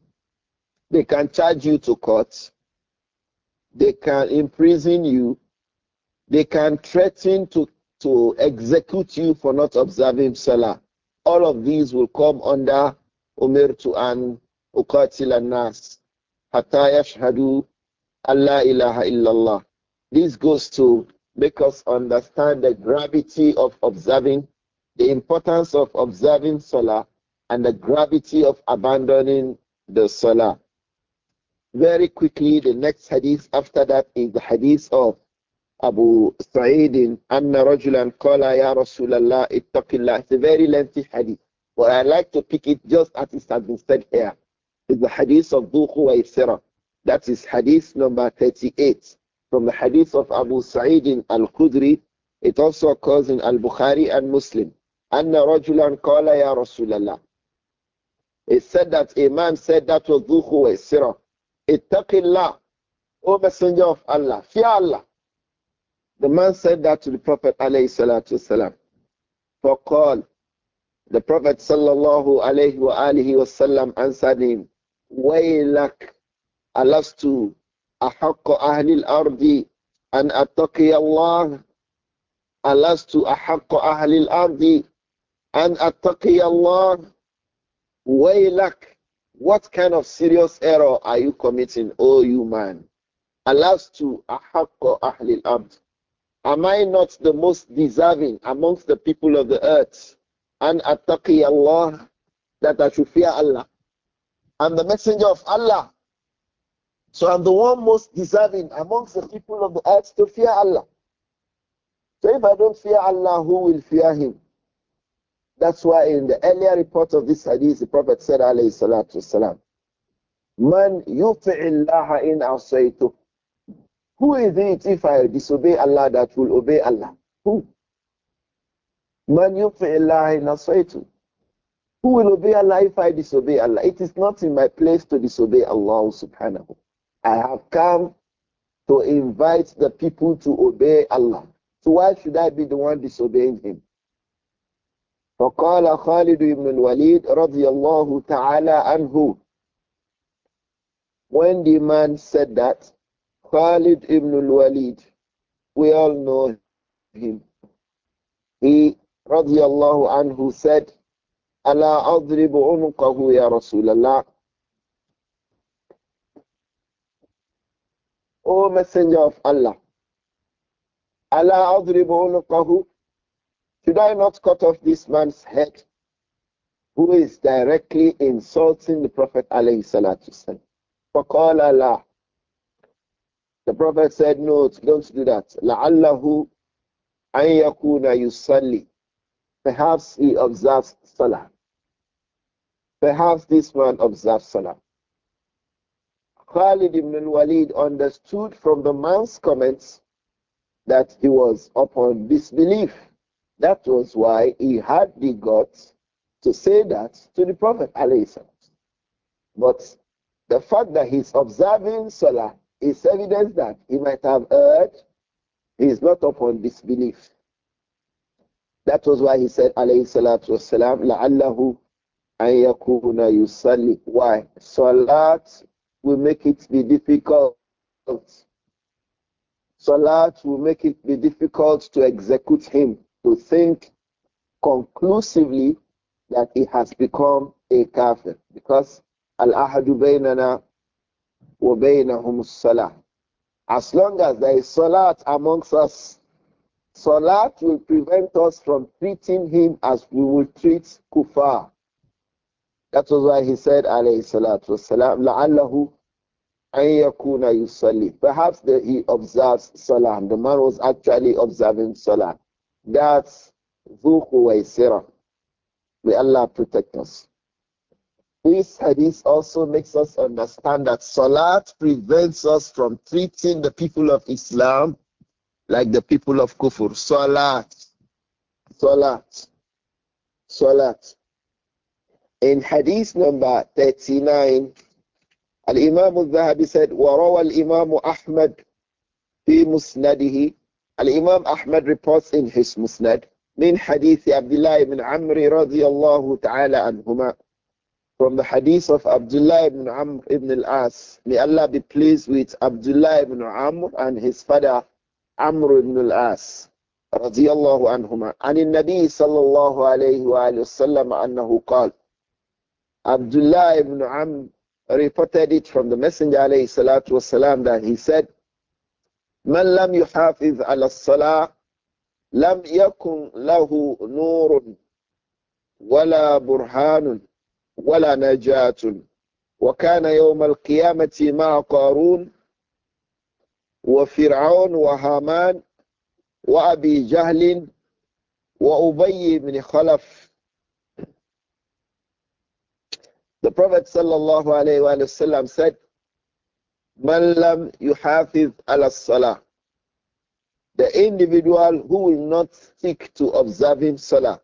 They can charge you to court. They can imprison you. They can threaten to, to execute you for not observing Salah. All of these will come under Umirtu Tu'an, Uqatil nas Hatta yashhadu Allah ilaha illallah. This goes to make us understand the gravity of observing, the importance of observing Salah, and the gravity of abandoning the salah. Very quickly, the next hadith after that is the hadith of Abu Sa'id أن رجلا قال يا رسول الله اتق It's a very lengthy hadith but I like to pick it just as it has been said here It's the hadith of Dhuqu wa Isra That is hadith number 38 From the hadith of Abu Sa'id al-Khudri It also occurs in al-Bukhari and Muslim Anna رجلا قال يا رسول it said that Imam said that was Dhuhu wa Isira. Ittaqillah, O Messenger of Allah, fear Allah. The man said that to the Prophet alayhi salatu wasalam. For call, the Prophet sallallahu alayhi wa alihi wasallam answered him, Wa Waylak, alastu ahakku ahli al-ardi an attaqi Allah. Alastu ahakku ahli al-ardi an attaqi Allah. Waylak, what kind of serious error are you committing, O oh, you man? Alas to ahakko ahlil abd. Am I not the most deserving amongst the people of the earth? And attaqi Allah, that I should fear Allah. I'm the messenger of Allah. So I'm the one most deserving amongst the people of the earth to fear Allah. So if I don't fear Allah, who will fear him? That's why in the earlier report of this hadith, the Prophet said, alayhi salatu wasalam, Man yuti'illaha in asaytu. Who is it if I disobey Allah that will obey Allah? Who? Man yuti'illaha in asaytu. Who will obey Allah if I disobey Allah? It is not in my place to disobey Allah subhanahu. I have come to invite the people to obey Allah. So why should I be the one disobeying him? فقال خالد ibn الْوَلِيدِ رَضِيَ اللَّهُ تَعَالَى anhu. When the man said that, خالد ibn الوليد. we all know him. He رضي الله عنه said, ألا أضرب عنقه يا رسول الله O Messenger of Allah ألا أضرب عنقه should I not cut off this man's head who is directly insulting the Prophet The Prophet said, no, don't do that. لَعَلَّهُ أَنْ يَكُونَ يُصَلِّي Perhaps he observes Salah. Perhaps this man observes Salah. Khalid ibn Walid understood from the man's comments that he was upon disbelief. That was why he had the guts to say that to the Prophet. But the fact that he's observing Salah is evidence that he might have heard. He is not upon disbelief. That was why he said, alayhi salatu an yakuna yusalli. Why? Salat will make it be difficult. Salat will make it be difficult to execute him to think conclusively that he has become a kafir because al-ahadu baynana wa baynahum salah as long as there is salat amongst us salat will prevent us from treating him as we will treat kufar that was why he said alayhi salatu wasalam la'allahu an yakuna yusalli perhaps the, he observes salah the man was actually observing salah that's Zuhu Waisira. May Allah protect us. This hadith also makes us understand that Salat prevents us from treating the people of Islam like the people of Kufur. Salat. Salat. Salat. In hadith number 39, Al Imam al Zahabi said, وَرَوَى الْإِمَامُ أَحْمَدُ فِي مُسْنَدِهِ Al-Imam Ahmad reports in his Musnad min hadith Abdullah ibn Amr from the hadith of Abdullah ibn Amr ibn al-As may Allah be pleased with Abdullah ibn Amr and his father Amr ibn al-As radiyallahu anhuma and in Nabi sallallahu alayhi wa sallam annahu qal Abdullah ibn Amr reported it from the Messenger alayhi salatu wasalam that he said من لم يحافظ على الصلاة لم يكن له نور ولا برهان ولا نجاة وكان يوم القيامة مع قارون وفرعون وهامان وأبي جهل وأبي بن خلف The Prophet sallallahu alayhi wa sallam said Man lam yuhafiz ala salah. The individual who will not stick to observing salah.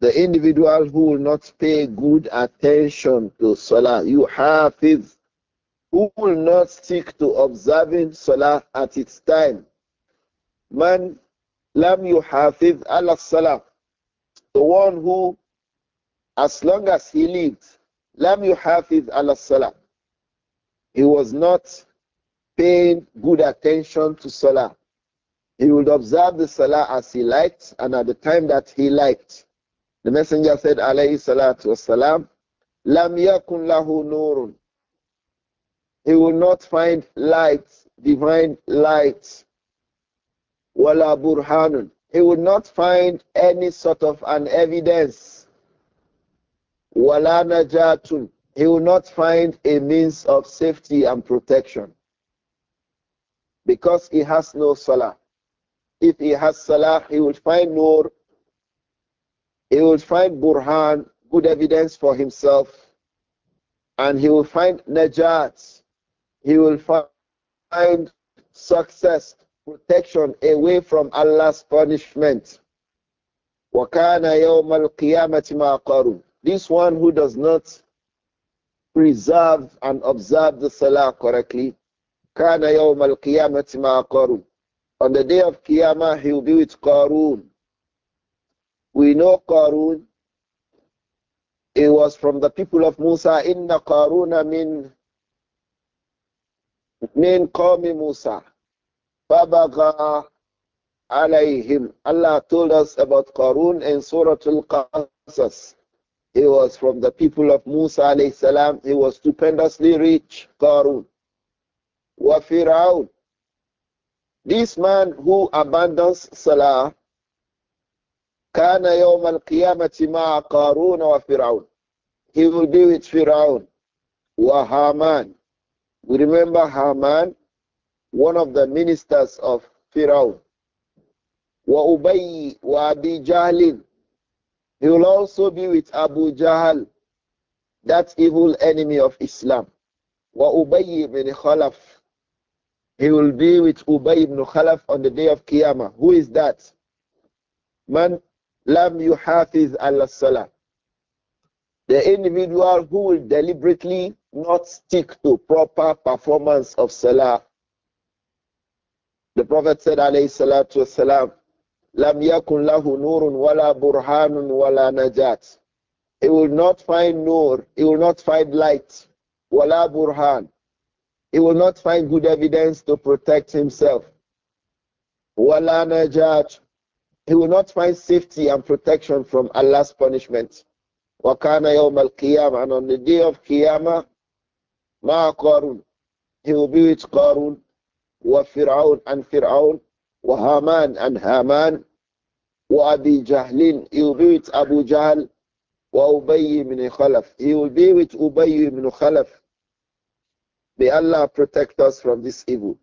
The individual who will not pay good attention to salah. Yuhafiz. Who will not stick to observing salah at its time. Man lam yuhafiz ala salah. The one who, as long as he lives, lam yuhafiz ala salah he was not paying good attention to Salah. He would observe the Salah as he liked and at the time that he liked. The Messenger said, alayhi salatu wasalam, Lam yakun lahu nurun. He will not find light, divine light. Wala burhanun. He will not find any sort of an evidence. Wala najatun he will not find a means of safety and protection because he has no salah. If he has salah, he will find nur, he will find burhan, good evidence for himself, and he will find najat, he will find success, protection away from Allah's punishment. This one who does not Preserve and observe the salah correctly, On the day of Qiyamah, he will be with Qarun. We know Qarun, it was from the people of Musa, Inna قَارُونَ min min قَوْمِ Musa. فَبَغَى عَلَيْهِمْ Allah told us about Qarun in Surah Al-Qasas. He was from the people of Musa alayhi salam. He was stupendously rich, Qarun. Wa Firaun. This man who abandons Salah, كان يوم القيامة مع قارون وفرعون. He will be with Firaun. Wa We remember Haman, one of the ministers of Firaun. Wa Ubay wa he will also be with Abu Jahl, that evil enemy of Islam. Wa Ubay ibn Khalaf. He will be with Ubay ibn Khalaf on the day of Qiyamah. Who is that? Man lam yuhafiz ala salah. The individual who will deliberately not stick to proper performance of salah. The Prophet said, alayhi salatu wasalam, Lam yakun lahu nurun wala burhanun wala najat. He will not find nur. He will not find light. Wala burhan. He will not find good evidence to protect himself. Wala najat. He will not find safety and protection from Allah's punishment. Wakana yawm al-qiyamah. And on the day of qiyamah, ma qarun. He will be with Qarun, wa Fir'aun and Fir'aun, وهامان عن هامان وأبي جهل يبيت ابو جهل وأبي من خلف يبيت ابي من خلف may Allah protect us from this evil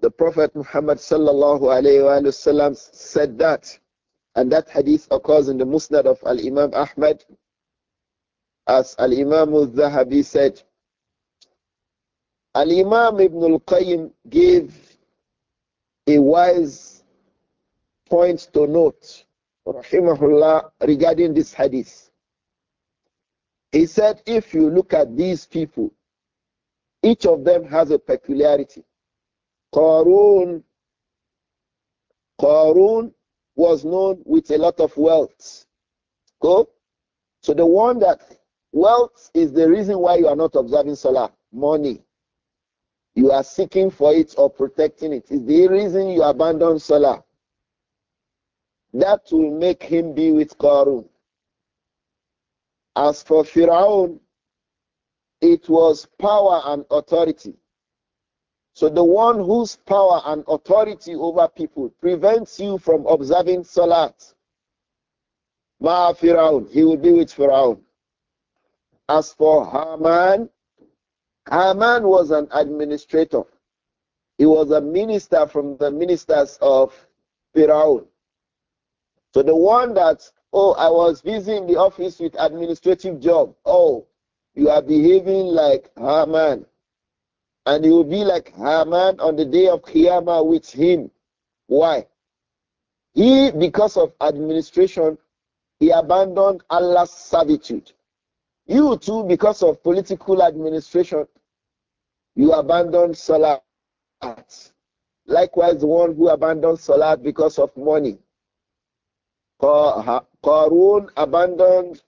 the Prophet Muhammad sallallahu alayhi wa sallam said that and that hadith occurs in the Musnad of Al-Imam Ahmad as Al-Imam al-Zahabi said Al-Imam Ibn al-Qayyim gave a wise point to note, regarding this hadith. He said, if you look at these people, each of them has a peculiarity. Qarun, Qarun was known with a lot of wealth. Go. So the one that wealth is the reason why you are not observing Salah, money. You are seeking for it or protecting it. Is the reason you abandon Salah. That will make him be with Qarun. As for Firaun, it was power and authority. So the one whose power and authority over people prevents you from observing Salat, Ma Firaun, he will be with Firaun. As for Haman, Haman was an administrator. He was a minister from the ministers of Pharaoh. So the one that, oh, I was busy in the office with administrative job. Oh, you are behaving like Haman. And you will be like Haman on the day of Qiyamah with him. Why? He, because of administration, he abandoned Allah's servitude. You too, because of political administration, you abandon salat. Likewise, the one who abandons salat because of money. Qarun abandoned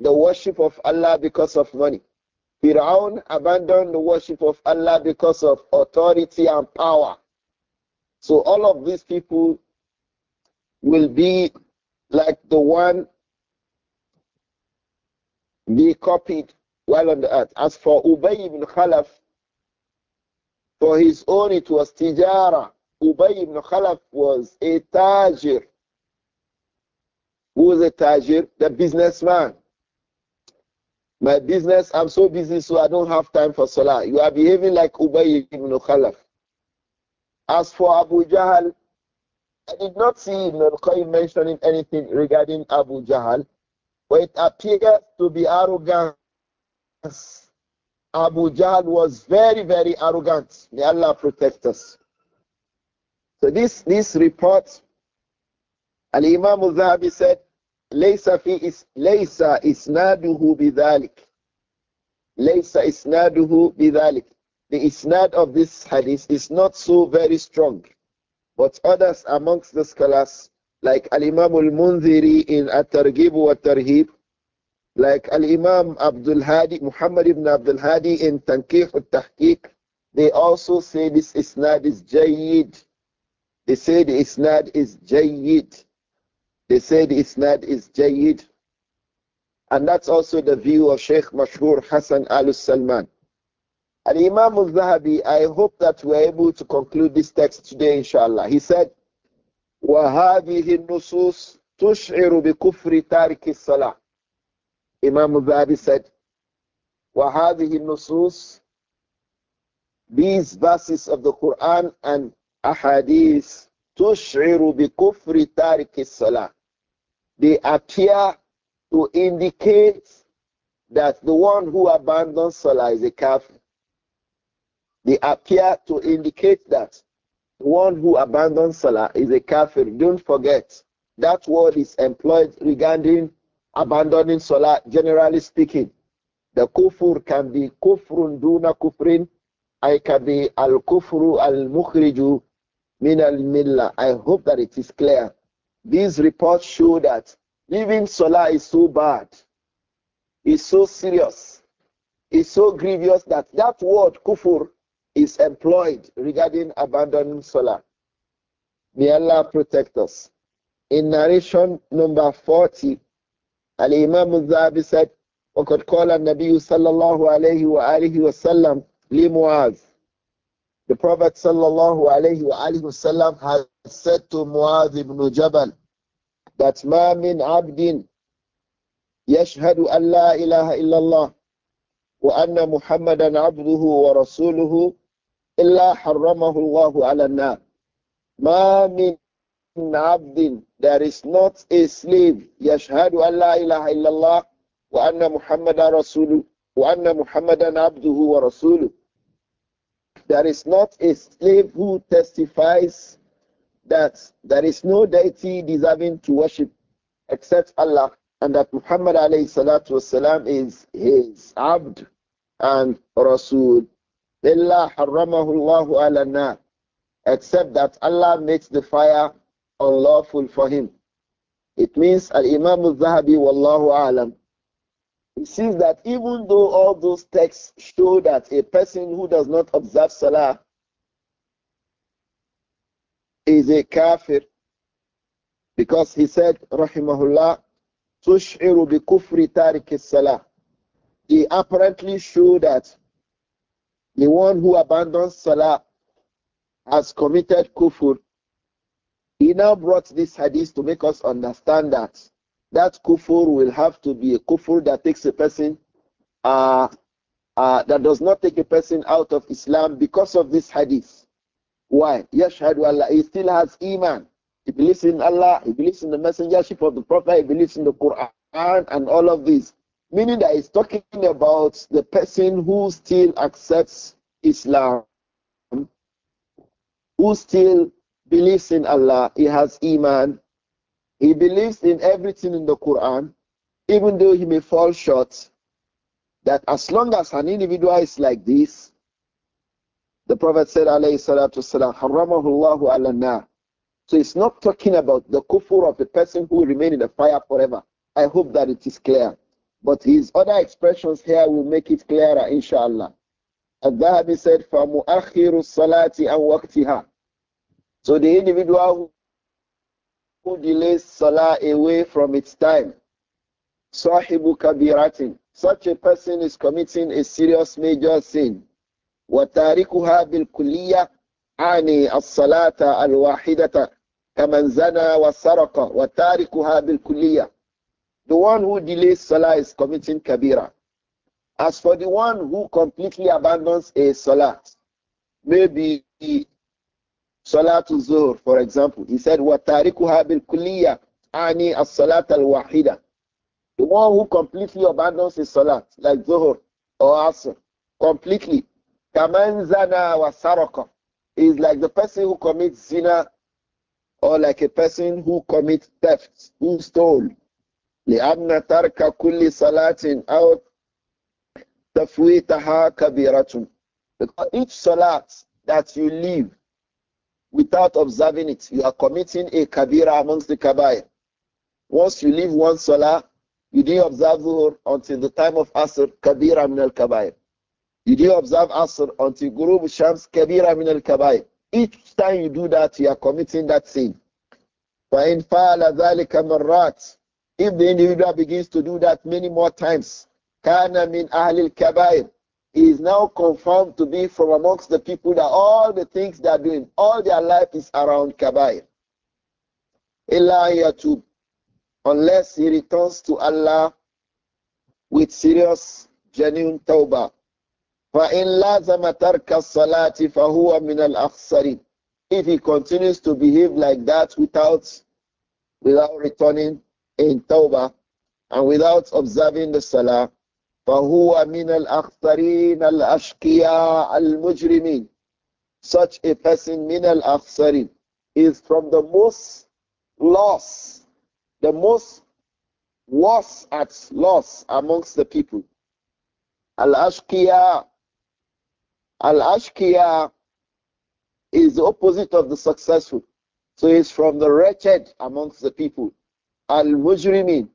the worship of Allah because of money. Firaun abandoned the worship of Allah because of authority and power. So all of these people will be like the one be copied while on the earth. As for Ubay ibn Khalaf, for his own, it was tijara. Ubay ibn Khalaf was a tajir. Who was a tajir? The businessman. My business, I'm so busy, so I don't have time for salah. You are behaving like Ubay ibn Khalaf. As for Abu Jahl, I did not see Ibn al-Qayyim mentioning anything regarding Abu Jahl, but it appears to be arrogance Abu Jahl was very, very arrogant. May Allah protect us. So this, this report, Al-Imam al-Zahabi said, ليس في is ليس إسناده بذلك ليس إسناده بذلك The isnad of this hadith is not so very strong but others amongst the scholars like Al-Imam al-Munziri in At-Targhib wa Tarhib like Al-Imam Abdul Hadi, Muhammad ibn Abdul Hadi in Tanqih al-Tahqiq, they also say this isnad is jayyid. They say the isnad is jayyid. They say the isnad is jayyid. And that's also the view of Sheikh Mashhur Hassan al-Salman. And Imam al-Zahabi, I hope that we're able to conclude this text today, inshallah. He said, وَهَذِهِ النُّصُوص تُشْعِرُ بِكُفْرِ تَارِكِ الصَّلَاةِ Imam Mubarak said, وَهَذِهِ النُّصُوص These verses of the Quran and ahadith تُشْعِرُ بِكُفْرِ تَارِكِ الصَّلَاةِ They appear to indicate that the one who abandons Salah is a kafir. They appear to indicate that the one who abandons Salah is a kafir. Don't forget, that word is employed regarding abandoning salah, generally speaking. The kufur can be kufrun duna kufrin. I can be al kufru al mukhriju min al milla. I hope that it is clear. These reports show that leaving salah is so bad, is so serious, is so grievous that that word kufur is employed regarding abandoning salah. May Allah protect us. In narration number 40, Al Imam Zahabi said, وقد قال النبي صلى الله عليه وآله وسلم The Prophet sallallahu alayhi wa alayhi wasallam has said to Muaz ibn Jabal that ma min abdin yashhadu an la ilaha illallah wa anna muhammadan abduhu wa rasuluhu illa harramahu allahu ala nar ma min there is not a slave. يشهد an la ilaha illallah wa anna Muhammadan rasulu wa anna Muhammadan abduhu wa There is not a slave who testifies that there is no deity deserving to worship except Allah and that Muhammad alayhi salatu wasalam is his abd and rasul. إلا حرمه الله على النار except that Allah makes the fire unlawful for him. It means Al Imam al Zahabi, Wallahu Alam. He says that even though all those texts show that a person who does not observe Salah is a kafir, because he said, Rahimahullah, Tush'iru bi kufri tariq Salah. He apparently showed that the one who abandons Salah has committed kufr he now brought this hadith to make us understand that that kufur will have to be a kufur that takes a person, uh, uh, that does not take a person out of Islam because of this hadith. Why? Yashhadu Allah. He still has iman. He believes in Allah. He believes in the messengership of the Prophet. He believes in the Quran and all of this. Meaning that he's talking about the person who still accepts Islam, who still believes in Allah, he has Iman, he believes in everything in the Quran, even though he may fall short, that as long as an individual is like this, the Prophet said, alayhi salatu salam, So it's not talking about the kufur of the person who will remain in the fire forever. I hope that it is clear. But his other expressions here will make it clearer, inshallah. Al-Dhahabi said, فَمُؤَخِّرُ الصَّلَاةِ عَنْ وَقْتِهَا so the individual who delays salah away from its time, sahibu kabiratin, such a person is committing a serious major sin. وتاركها بالكلية أعني الصلاة الواحدة كمن زنى وسرق وتاركها بالكلية The one who delays salah is committing kabira. As for the one who completely abandons a salah, maybe Salatul zuhur for example, he said, وَتَارِكُهَا بِالْكُلِّيَّةِ ani as-salat al-wahida. The one who completely abandons his salat, like Zuhur or Asr, completely. Kaman zana wa saraka. Is like the person who commits zina or like a person who commits theft, who stole. لأن ترك كل صلاة أو تفويتها كبيرة. Because each salat that you leave without observing it. You are committing a kabira amongst the kabair. Once you leave one salah, you didn't observe Zuhur until the time of Asr, kabira min al kabair. You didn't observe Asr until Guru Shams, kabira min al kabair. Each time you do that, you are committing that sin. فَإِنْ فَعَلَ ذَلِكَ مَرَّاتٍ If the individual begins to do that many more times, كَانَ مِنْ أَهْلِ الْكَبَائِرِ is now confirmed to be from amongst the people that all the things they are doing, all their life is around Kabair. too, unless he returns to Allah with serious, genuine tawbah. فَإِنْ لَازَمَ تَرْكَ الصَّلَاةِ فَهُوَ مِنَ الْأَخْسَرِينَ If he continues to behave like that without, without returning in tawbah and without observing the salah, فهو من الأخسرين الأشقياء المجرمين such a person min al is from the most loss the most worst at loss amongst the people al ashkia, al is the opposite of the successful so he's from the wretched amongst the people al mujrimin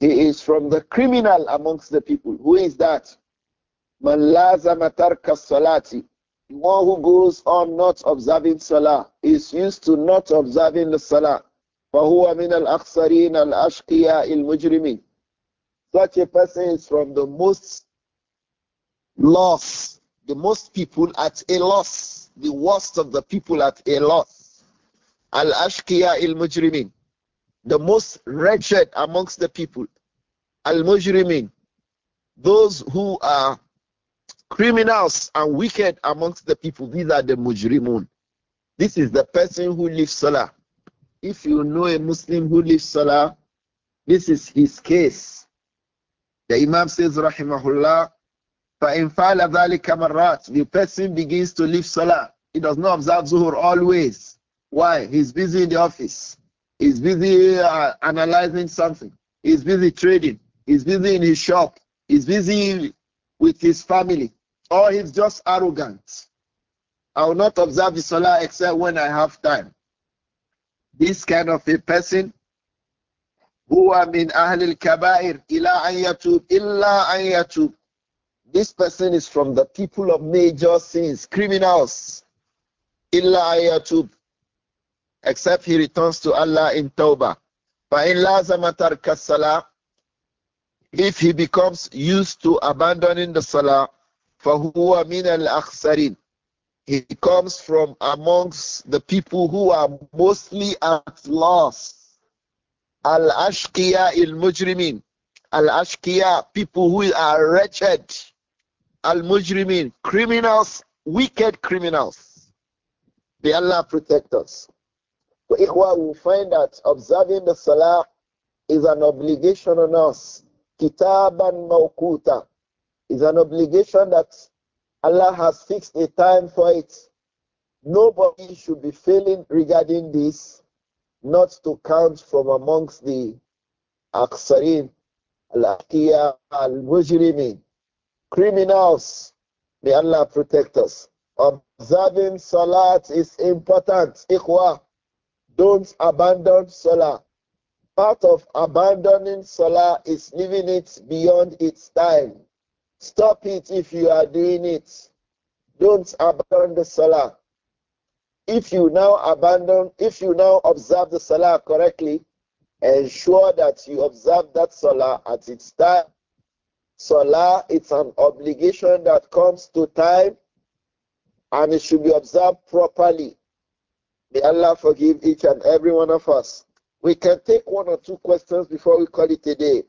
he is from the criminal amongst the people. Who is that? Man lazama salati. The one who goes on not observing salah is used to not observing the salah. فَهُوَ مِنَ الْأَخْسَرِينَ الْأَشْقِيَاءِ الْمُجْرِمِينَ Such a person is from the most loss, the most people at a loss, the worst of the people at a loss. Al-Ashqiya il-Mujrimin the most wretched amongst the people, Al Mujrimin, those who are criminals and wicked amongst the people, these are the Mujrimun. This is the person who leaves Salah. If you know a Muslim who leaves Salah, this is his case. The Imam says, Rahimahullah, the person begins to leave Salah. He does not observe Zuhur always. Why? He's busy in the office. He's busy uh, analyzing something. He's busy trading. He's busy in his shop. He's busy with his family. Or he's just arrogant. I will not observe the Salah except when I have time. This kind of a person huwa min ahlil kabair ila an yatub illa an yatub this person is from the people of major sins criminals illa an yatub except he returns to Allah in Tawbah. If he becomes used to abandoning the Salah, min al الْأَخْسَرِينَ He comes from amongst the people who are mostly at loss. al ashkiya il-Mujrimin. al ashkiya people who are wretched. Al-Mujrimin, criminals, wicked criminals. May Allah protect us. So, we find that observing the Salah is an obligation on us. Kitab and Mawkuta is an obligation that Allah has fixed a time for it. Nobody should be failing regarding this, not to count from amongst the Aksarin, Al-Aqiya, Al-Mujrimin, criminals. May Allah protect us. Observing Salat is important. Ikhwah, don't abandon Salah. Part of abandoning Salah is leaving it beyond its time. Stop it if you are doing it. Don't abandon the Salah. If you now abandon, if you now observe the Salah correctly, ensure that you observe that Salah at its time. Salah, it's an obligation that comes to time and it should be observed properly. May Allah forgive each and every one of us. We can take one or two questions before we call it a day.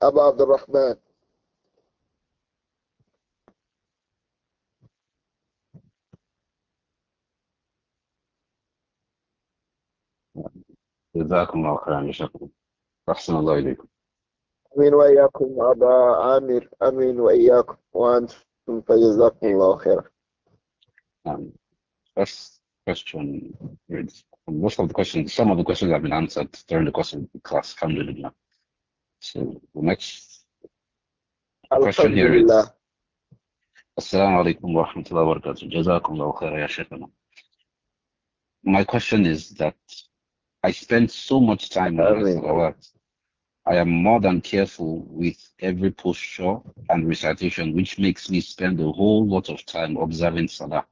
About the Rahman. جزاكم الله خيرا يا شيخ احسن الله اليكم امين واياكم ابا عامر امين واياكم وانتم فجزاكم الله خيرا امين بس question most of the questions, some of the questions have been answered during the course of the class, alhamdulillah. So the next question here is, uh, Assalamu alaikum wa rahmatullahi wa barakatuh. Jazakumullahu khairan ya Sheikh. My question is that I spend so much time in the salawat. I am more than careful with every posture and recitation, which makes me spend a whole lot of time observing salah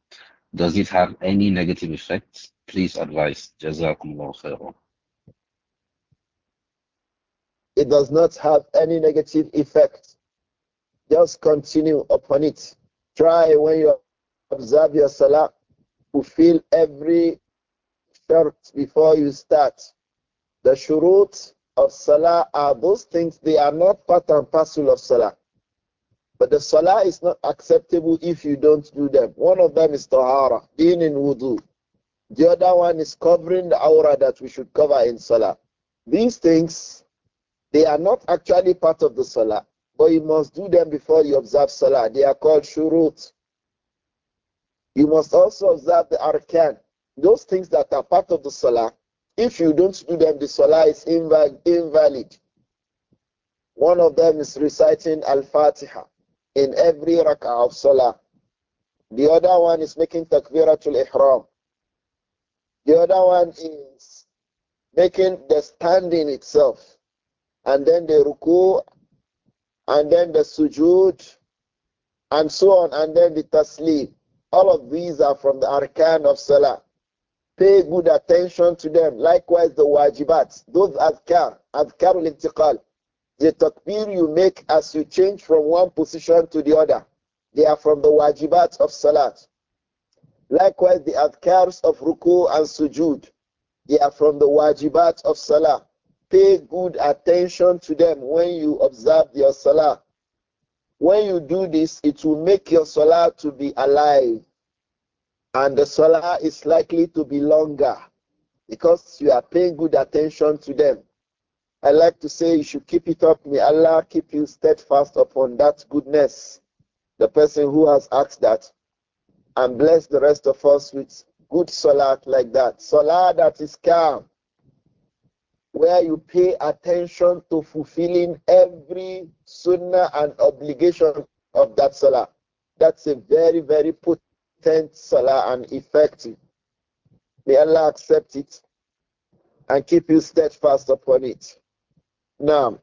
does it have any negative effects? Please advise. Jazakumullah khairan. It does not have any negative effect. Just continue upon it. Try when you observe your salah, to feel every shart before you start. The shurut of salah are those things, they are not part and parcel of salah. But the salah is not acceptable if you don't do them. One of them is tahara, being in wudu. The other one is covering the aura that we should cover in salah. These things, they are not actually part of the salah, but you must do them before you observe salah. They are called shurut. You must also observe the arkan. Those things that are part of the salah, if you don't do them, the salah is invalid. One of them is reciting Al-Fatiha in every rak'ah of salah. The other one is making takbiratul ihram. The other one is making the standing itself. And then the ruku, and then the sujood, and so on, and then the taslim. All of these are from the arkan of salah. Pay good attention to them. Likewise, the wajibat, those adhkar, adhkarul intiqal, the takbir you make as you change from one position to the other. They are from the wajibat of salat. Likewise, the adkars of ruku and sujud. They are from the wajibat of salah. Pay good attention to them when you observe your salah. When you do this, it will make your salah to be alive. And the salah is likely to be longer because you are paying good attention to them. I like to say you should keep it up. May Allah keep you steadfast upon that goodness. The person who has asked that and bless the rest of us with good salat like that. Salat that is calm, where you pay attention to fulfilling every sunnah and obligation of that salah. That's a very, very potent salah and effective. May Allah accept it and keep you steadfast upon it. نعم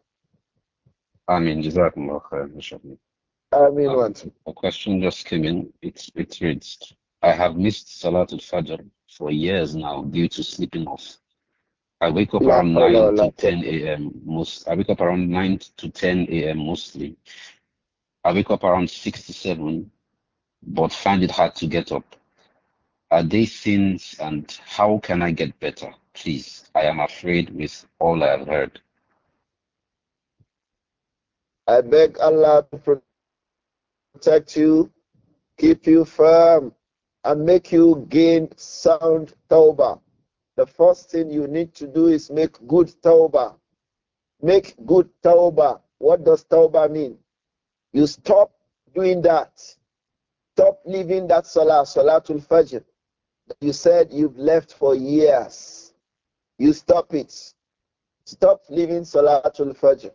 آمين جزاكم الله خير Mashallah. A question just came in. It's, it reads, I have missed Salatul Fajr for years now due to sleeping off. I wake up around 9 to 10 a.m. most I wake up around 9 to 10 a.m. mostly. I wake up around 6 to 7 but find it hard to get up. Are these sins and how can I get better? Please, I am afraid with all I have heard. I beg Allah to protect you, keep you firm, and make you gain sound tawbah. The first thing you need to do is make good tawbah. Make good tawbah. What does tawbah mean? You stop doing that. Stop leaving that salah, salatul fajr. You said you've left for years. You stop it. Stop leaving salatul fajr.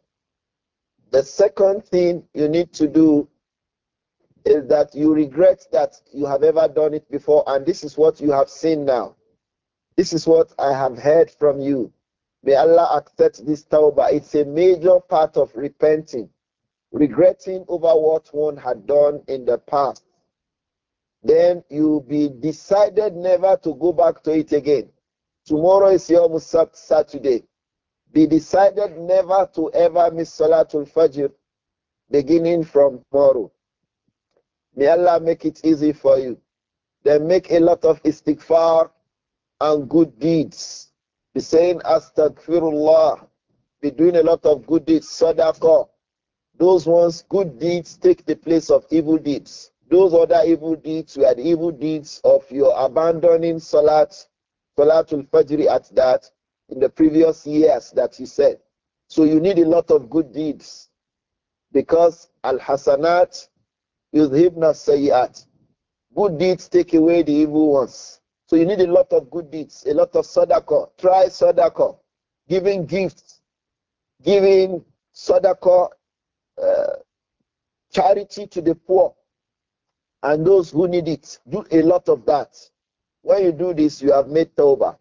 The second thing you need to do is that you regret that you have ever done it before, and this is what you have seen now. This is what I have heard from you. May Allah accept this tawbah. It's a major part of repenting, regretting over what one had done in the past. Then you will be decided never to go back to it again. Tomorrow is your Musab Saturday. They decided never to ever miss Salatul Fajr beginning from tomorrow. May Allah make it easy for you. They make a lot of istighfar and good deeds. Be saying astaghfirullah. Be doing a lot of good deeds. Sadaqah. Those ones, good deeds take the place of evil deeds. Those other evil deeds were the evil deeds of your abandoning Salat, Salatul Fajr at that, in the previous years that you said. So you need a lot of good deeds because Al Hasanat yudhibna sayyat. Good deeds take away the evil ones. So you need a lot of good deeds, a lot of sadaqah. Try sadaqah, giving gifts, giving sadaqah, uh, charity to the poor and those who need it. Do a lot of that. When you do this, you have made tawbah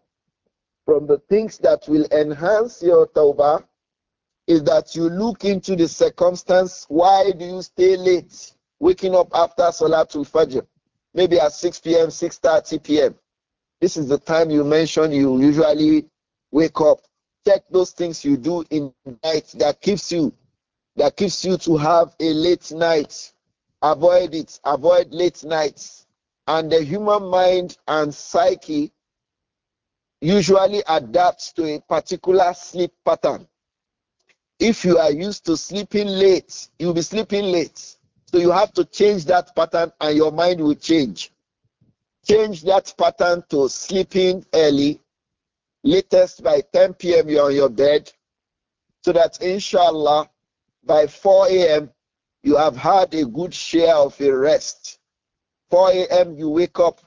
from the things that will enhance your tawbah is that you look into the circumstance. Why do you stay late? Waking up after Salatul Fajr, maybe at 6 p.m., 6.30 p.m. This is the time you mention you usually wake up. Check those things you do in night that keeps you, that keeps you to have a late night. Avoid it. Avoid late nights. And the human mind and psyche usually adapts to a particular sleep pattern. If you are used to sleeping late, you'll be sleeping late. So you have to change that pattern and your mind will change. Change that pattern to sleeping early, latest by 10 p.m. you're on your bed, so that inshallah by 4 a.m. you have had a good share of a rest. 4 a.m. you wake up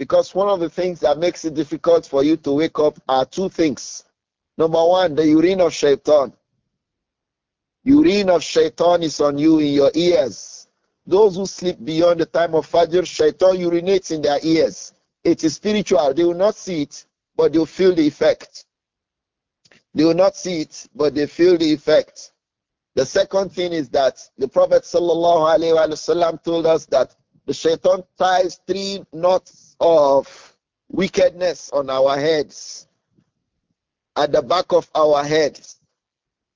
because one of the things that makes it difficult for you to wake up are two things. Number one, the urine of shaitan. Urine of shaitan is on you in your ears. Those who sleep beyond the time of Fajr, shaitan urinates in their ears. It is spiritual. They will not see it, but they will feel the effect. They will not see it, but they feel the effect. The second thing is that the Prophet ﷺ told us that the shaitan ties three knots of wickedness on our heads, at the back of our heads.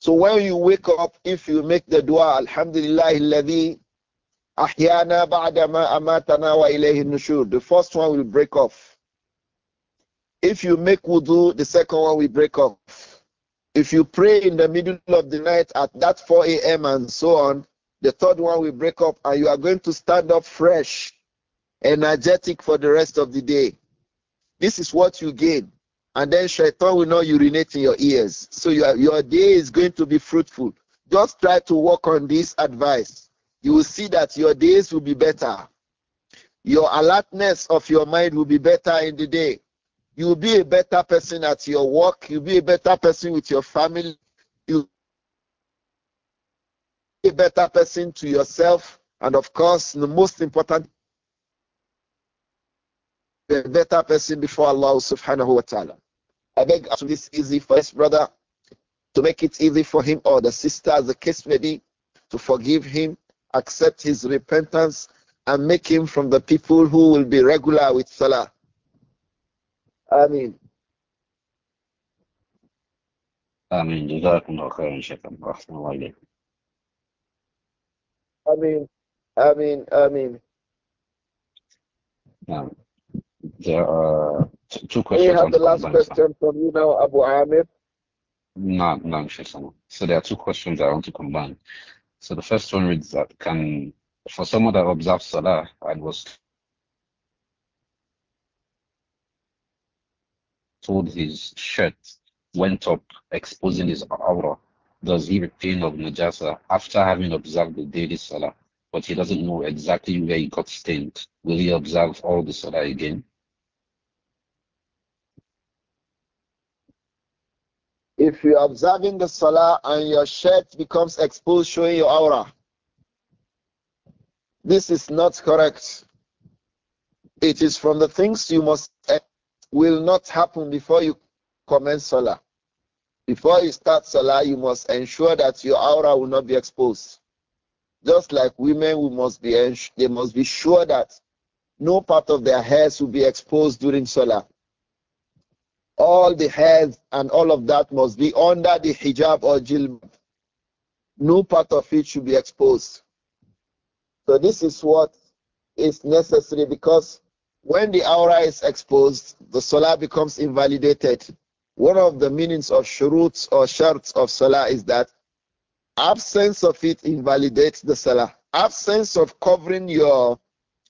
So when you wake up, if you make the dua, Alhamdulillah, الذي أحيانا بعدما The first one will break off. If you make wudu, the second one will break off. If you pray in the middle of the night at that 4 a.m. and so on, the third one will break up, and you are going to stand up fresh, energetic for the rest of the day. This is what you gain. And then shaitan will not urinate in your ears. So your, your day is going to be fruitful. Just try to work on this advice. You will see that your days will be better. Your alertness of your mind will be better in the day. You will be a better person at your work. You'll be a better person with your family a better person to yourself, and of course, the most important, a better person before Allah subhanahu wa ta'ala. I beg to this easy for his brother to make it easy for him or the sister, as the case may be, to forgive him, accept his repentance, and make him from the people who will be regular with Salah. Ameen. آمين جزاكم الله خيرا شكرا ورحمة الله إليكم I mean, mean, I mean. نعم There are two questions. We have the last question from you now, Abu Amir. No, no, So there are two questions I want to combine. So the first one reads that can, for someone that observes Salah and was told his shirt went up, exposing his aura, does he repent of Najasa after having observed the daily Salah, but he doesn't know exactly where he got stained? Will he observe all the Salah again? If you're observing the Salah and your shirt becomes exposed, showing your aura, this is not correct. It is from the things you must eh, will not happen before you commence Salah. Before you start Salah, you must ensure that your aura will not be exposed. Just like women, we must be they must be sure that no part of their hairs will be exposed during Salah. All the hairs and all of that must be under the hijab or jilb. No part of it should be exposed. So this is what is necessary because when the aura is exposed, the salah becomes invalidated. One of the meanings of shuruts or sharts of salah is that absence of it invalidates the salah. Absence of covering your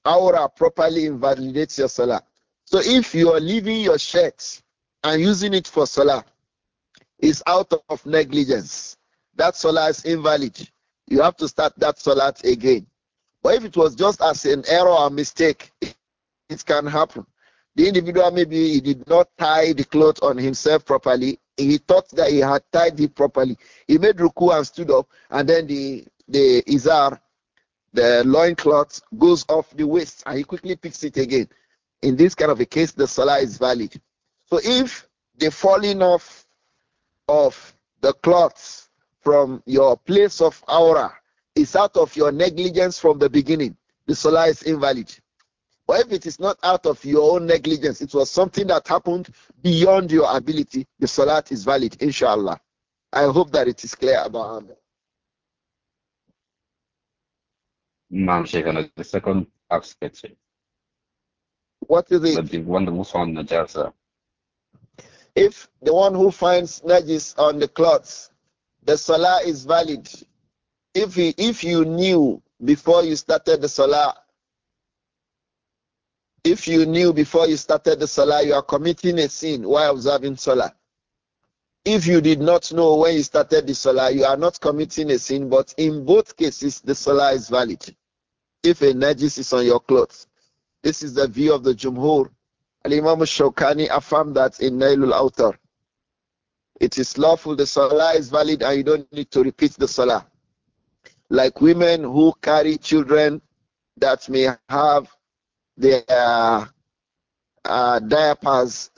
aura properly invalidates your salah. So if you are leaving your shirt and using it for salah, it's out of negligence. That salah is invalid. You have to start that salah again. But if it was just as an error or mistake, it can happen. The individual maybe he did not tie the cloth on himself properly. He thought that he had tied it properly. He made ruku and stood up, and then the the izar, the loin cloth, goes off the waist, and he quickly picks it again. In this kind of a case, the salah is valid. So if the falling off of the cloth from your place of aura is out of your negligence from the beginning, the salah is invalid. Or if it is not out of your own negligence, it was something that happened beyond your ability, the salat is valid, inshallah. I hope that it is clear about Amr. Ma'am Shaykhana, the second aspect. What is it? The one who found Najasa. If the one who finds Najis on the clothes, the salah is valid. If he, if you knew before you started the salah if you knew before you started the salah you are committing a sin while observing salah. If you did not know when you started the salah, you are not committing a sin, but in both cases, the salah is valid. If a najis is on your clothes, this is the view of the Jumhur. Al Imam Shawkani affirmed that in Nailul Autar. It is lawful, the salah is valid, and you don't need to repeat the salah. Like women who carry children that may have their uh, diapers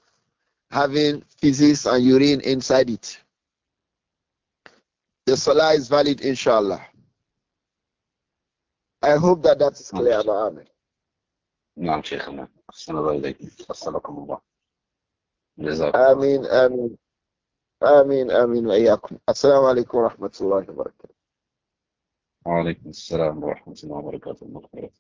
having feces and urine inside it. The salah is valid, insha'Allah. I hope that that is clear, Amen. Amen. Amen. Amen. Amen. Amen. Assalamu alaikum wa rahmatullahi wa barakatuh. وعليكم السلام ورحمة الله وبركاته